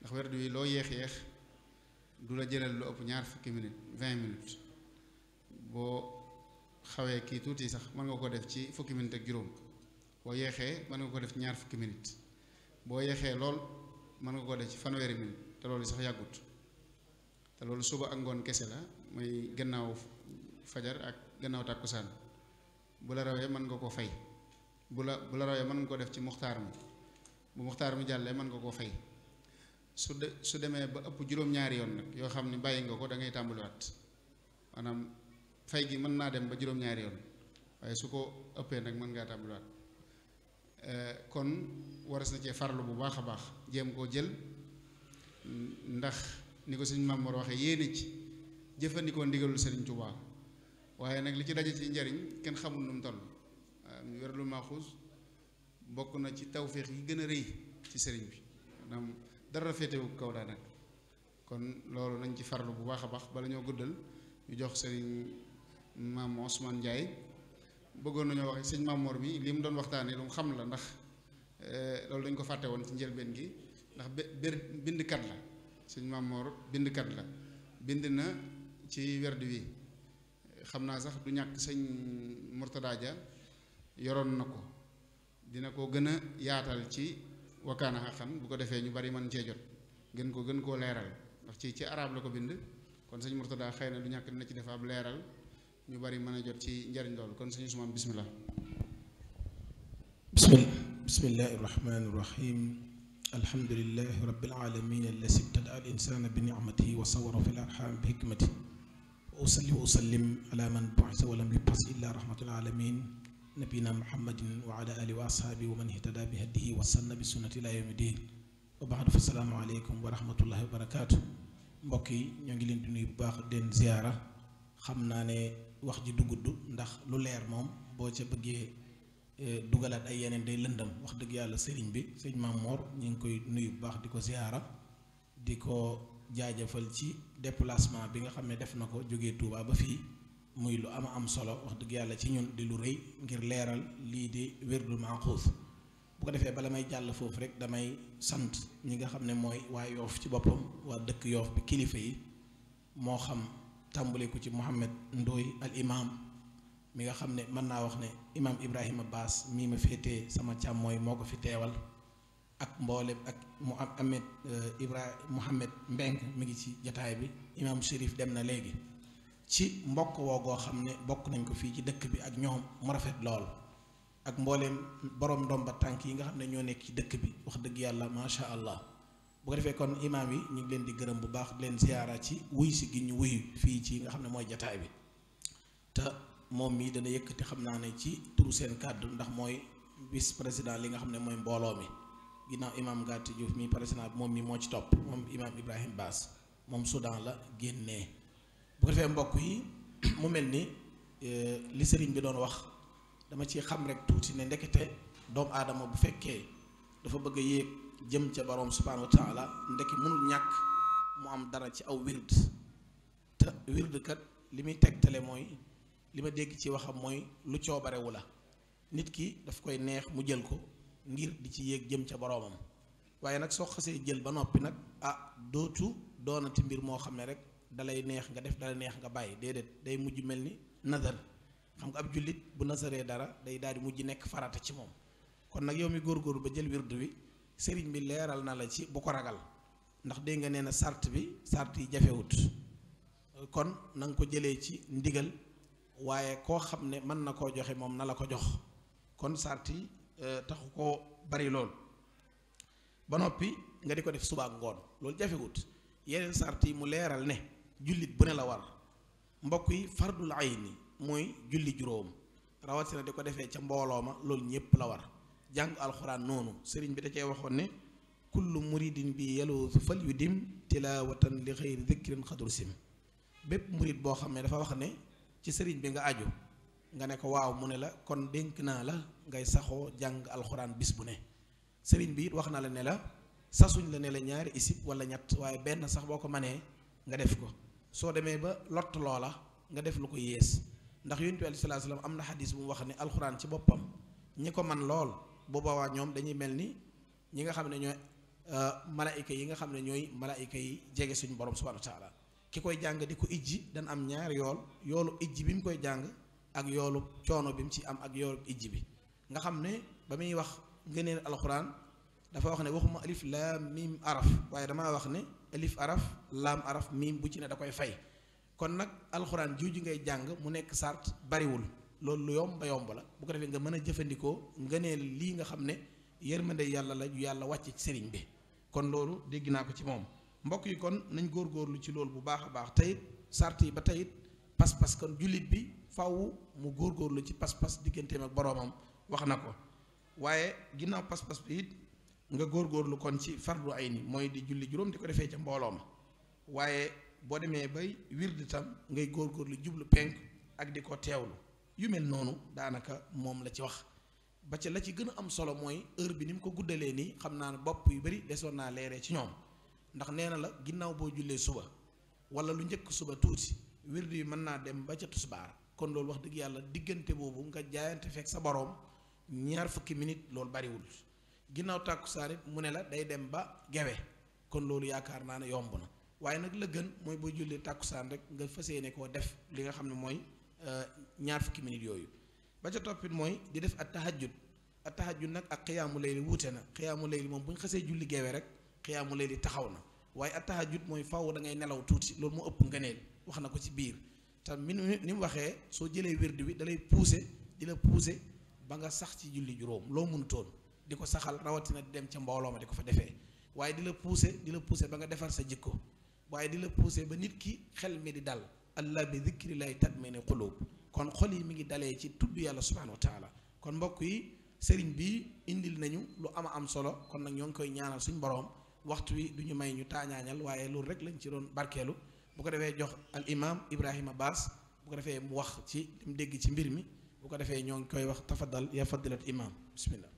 ndax werdu wi loo yéex-yéex du la jëlal lu ëpp ñaar fukki minutes vingt minutes boo xawee kii tuuti sax mën nga ko def ci fukki minutes ak juróom boo yéexee mën nga ko def ci ñaar fukki minutes boo yéexee lool mën nga ko def ci fanweeri minutes te loolu sax yàggut loolu suba ak ngoon kese la mooy gannaaw fajar ak gannaaw tàkkusaan bu la rawee mën nga koo fay bu la bu la rawee mën nga koo def ci muxtaar mi bu muxtaar mi jàllee mën nga koo fay su de su demee ba ëpp juróom-ñaari yoon nag yoo xam ne bàyyi nga ko dangay ngay tàmbaliwaat maanaam fay gi mën naa dem ba juróom-ñaari yoon waaye su ko ëppee nag mën ngaa tàmbaliwaat eh, kon waras na cee farlu bu baax a baax jéem koo jël ndax ni ko sëñ Mamour waxee yéene ci jëfandikoo ndigalul sëriñ Tuubaa waaye nag li ci daje ci njariñ kenn xamul nu mu toll wérlu maaxuus bokk na ci tawféex yi gën a rëy ci sëriñ bi maanaam dara féetewu kaw daa kon loolu nañ ci farlu bu baax a baax bala ñoo guddal ñu jox sëriñ maam Ousmane Ndiaye bëggoon nañoo wax sëñ Mamour bi li mu doon waxtaanee lu mu xam la ndax eh, loolu dañ ko fàtte woon ci njëlbeen gi ndax bindkat la sëñ Mamoor bindkat la bind na ci werd wi xam naa sax du ñàkk sëñ Murtada ja yoroon na ko dina ko gën a yaatal ci wakkaana xaqan bu ko defee ñu bari mën cee jot gën ko gën koo leeral ndax ci ci arab la ko bind kon sëñ Murtada xëy na du ñàkk dina ci def ab leeral ñu bari mën a jot ci njariñ loolu kon sëñ Usmaan bismillah bismillah bismillahi alhamdulilahi rabbil alamin allasi ibtada al insana bi nicmatihi wa sawara fi l arxam bi hikmati wa usalli wa usallim ala man buisa wa lam yubas illa rahmatul alamin nabina muhammadin wa ala alihi wa ashaabi wa man ihtada bi hadihi wa sanna bi sunnati ila yawmi din wa baadu fa salaamu aleykum wa rahmatullahi wa barakaatu mbokk yi ñoo ngi leen di nuyu bu baax den ziyaara xam naa ne wax ji du gudd ndax lu leer moom boo ca bëggee Eh, dugalaat ay yeneen day lëndam wax dëgg yàlla sëriñ bi sëñ Maam Moor ñu ngi koy nuyu bu baax di ko ziyaara di ko jaajëfal ci déplacement bi nga xam ne def na ko jóge Touba ba fii muy lu am am solo wax dëgg yàlla ci ñun di lu rëy ngir leeral lii di wérdul Manxuus bu ko defee bala may jàll foofu rek damay sant ñi nga xam ne mooy waa yoof ci boppam waa dëkk yoof bi kilifa yi moo xam tàmbale ko ci Mouhamed Ndoye al imam mi nga xam ne mën naa wax ne imaam Ibrahima Baas mii ma féetee sama càmmooy moo ko fi teewal ak mbooleem ak mu am Ahmed eh, Ibrahima Mohamed Mbeng mi ngi ci jataay bi imaam Chérif dem na léegi ci mbokk woo goo xam ne bokk nañ ko fii ci dëkk bi ak ñoom mu rafet lool ak mbooleem borom ndomba tànk yi nga xam ne ñoo nekk ci dëkk bi wax dëgg yàlla macha allah bu ko defee kon imaam yi ñu leen di gërëm bu baax di leen ziyaara ci wuy si gi ñu wuyu fii ci nga xam ne mooy jataay bi moom mii dana yëkkati xam naa ne ci turu seen kàddu ndax mooy vice président li nga xam ne mooy mbooloo mi ginnaaw imaam Gàtt Diouf mi président bi moom mi moo ci topp moom imaam Ibrahim Baas moom Soudan la génnee bu defee mbokk yi mu mel ni e, li sëriñ bi doon wax dama ci xam rek tuuti ne ndekete doomu aadama bu fekkee dafa bëgg a yéeg jëm ca borom subhaanahu wa taala ndeke mënul ñàkk mu am dara ci aw wird te wird kat li muy tegtale mooy li ma dégg ci waxam mooy lu coobarewu la nit ki daf koy neex mu jël ko ngir di ci yéeg jëm ca boroomam waaye nag soo xasee jël ba noppi nag ah dootu doonati mbir moo xam ne rek dalay neex nga def dalay neex nga bàyyi déedéet day mujj mel ni nazar xam nga ab jullit bu nazaree dara day daal di mujj nekk farata ci moom kon nag yow mi góorgóorlu ba jël wirdu wi sëriñ bi leeral na la ci bu ko ragal ndax dégg nga nee na sart bi sart yi jafewut kon nanga ko jëlee ci ndigal waaye koo xam ne mën na koo joxe moom na la ko jox kon sart yi euh, taxu ko bari lool ba noppi nga di ko def suba ngoon loolu jafewut yeneen sart mu leeral ne jullit bu ne la war mbokk yi fardul ni mooy julli juróom rawatina di ko defee ca mbooloo ma loolu ñépp la war jàng alxuraan noonu sëriñ bi da cee waxoon ne kullu muridin bi yaloosu fal yu dim tilaawatan li xëyri dikkirin xadur sim bépp murid boo xam ne dafa wax ne ci sëriñ bi nga aju nga ne ko waaw mu ne la kon dénk naa la ngay saxoo jàng alxuraan bis bu ne sëriñ bi it wax na la ne la sasuñ la ne la ñaari isib wala ñett waaye benn sax boo ko manee nga def ko soo demee ba lott loola nga def lu ko yées ndax yonent bi alayhi salaam am na xadis bu mu wax ne alxuraan ci boppam ñi ko man lool bu boobaa ñoom dañuy mel ni ñi nga xam ne ñooy euh, malaayika yi nga xam ne ñooy malaayika yi jege suñu borom subhaanahu wa ki koy jàng di ko ijji dana am ñaari yool yoolu ijji bi mu koy jàng ak yoolu coono bi mu ci am ak yoolu ijji bi nga xam ne ba muy wax ngëneel alxuraan dafa wax ne waxuma alif laam miim araf waaye damaa wax ne alif araf laam araf miim bu ci ne da koy fay kon nag alxuraan juuju ngay jàng mu nekk sart bariwul loolu lu yomba yomb la bu ko defee nga mën a jëfandikoo ngëneel lii nga xam ne yërmande yàlla la yàlla wàcc ci sëriñ bi kon loolu dégg naa ko ci moom mbokk yi kon nañ góorgóorlu ci loolu bu baax a baax teyit sart yi ba teyit pas-pas kon jullit bi faw mu góorgóorlu ci pas-pas digganteem ak boroomam wax na ko waaye ginnaaw pas-pas bi it nga góorlu kon ci fardu ay ni mooy di julli juróom di ko defee ca mbooloo ma waaye boo demee bay wird tam ngay góor góorgóorlu jublu penk ak di ko teewlu yu mel noonu daanaka moom la ci wax ba ca la ci gën a am solo mooy heure bi ni mu ko guddalee ni xam naa ne bopp yu bari desoon naa leeree ci ñoom ndax nee na la ginnaaw boo jullee suba wala lu njëkk suba tuuti wirdu yi mën naa dem ba ca tusbaar kon loolu wax dëgg yàlla diggante boobu nga jaayante fekk sa boroom ñaar fukki minit loolu bariwul ginnaaw tàkkusaan it mu ne la day dem ba gewe kon loolu yaakaar naa ne yomb na waaye nag la gën mooy boo jullee tàkkusaan rek nga fas ne koo def li nga xam ne mooy euh, ñaar fukki minute yooyu ba ca toppit mooy di def at tahajjud at tahajjud nag ak xiyaamu layli wuute na xiyaamu layli moom bu ñu xasee julli gewe rek xiyaamu di taxaw na waaye at tahajjud mooy faaw da ngay nelaw tuuti loolu mu ëpp ngëneel wax na ko ci biir te min ni mu waxee soo jëlee wérdu bi dalay pousser di la pousser ba nga sax ci juróom loo mënutoon di ko saxal rawatina di dem ca mbooloo ma di ko fa defee waaye di la pousser di la pousser ba nga defar sa jikko waaye di la pousser ba nit ki xel mi di dal allah bi dikri lay tatmini qulub kon xol yi mi ngi dalee ci tudd yàlla subhanahu wa taala kon mbokk yi sëriñ bi indil nañu lu ama am solo kon nag ñoo ngi koy ñaanal suñ boroom waxtu wi du ñu may ñu taañaañal waaye loolu rek lañ ci doon barkeelu bu ko defee jox al imaam Ibrahima Baas bu ko defee mu wax ci li dégg ci mbir mi bu ko defee ñoo ngi koy wax tafadal ya fadilat imam bismillah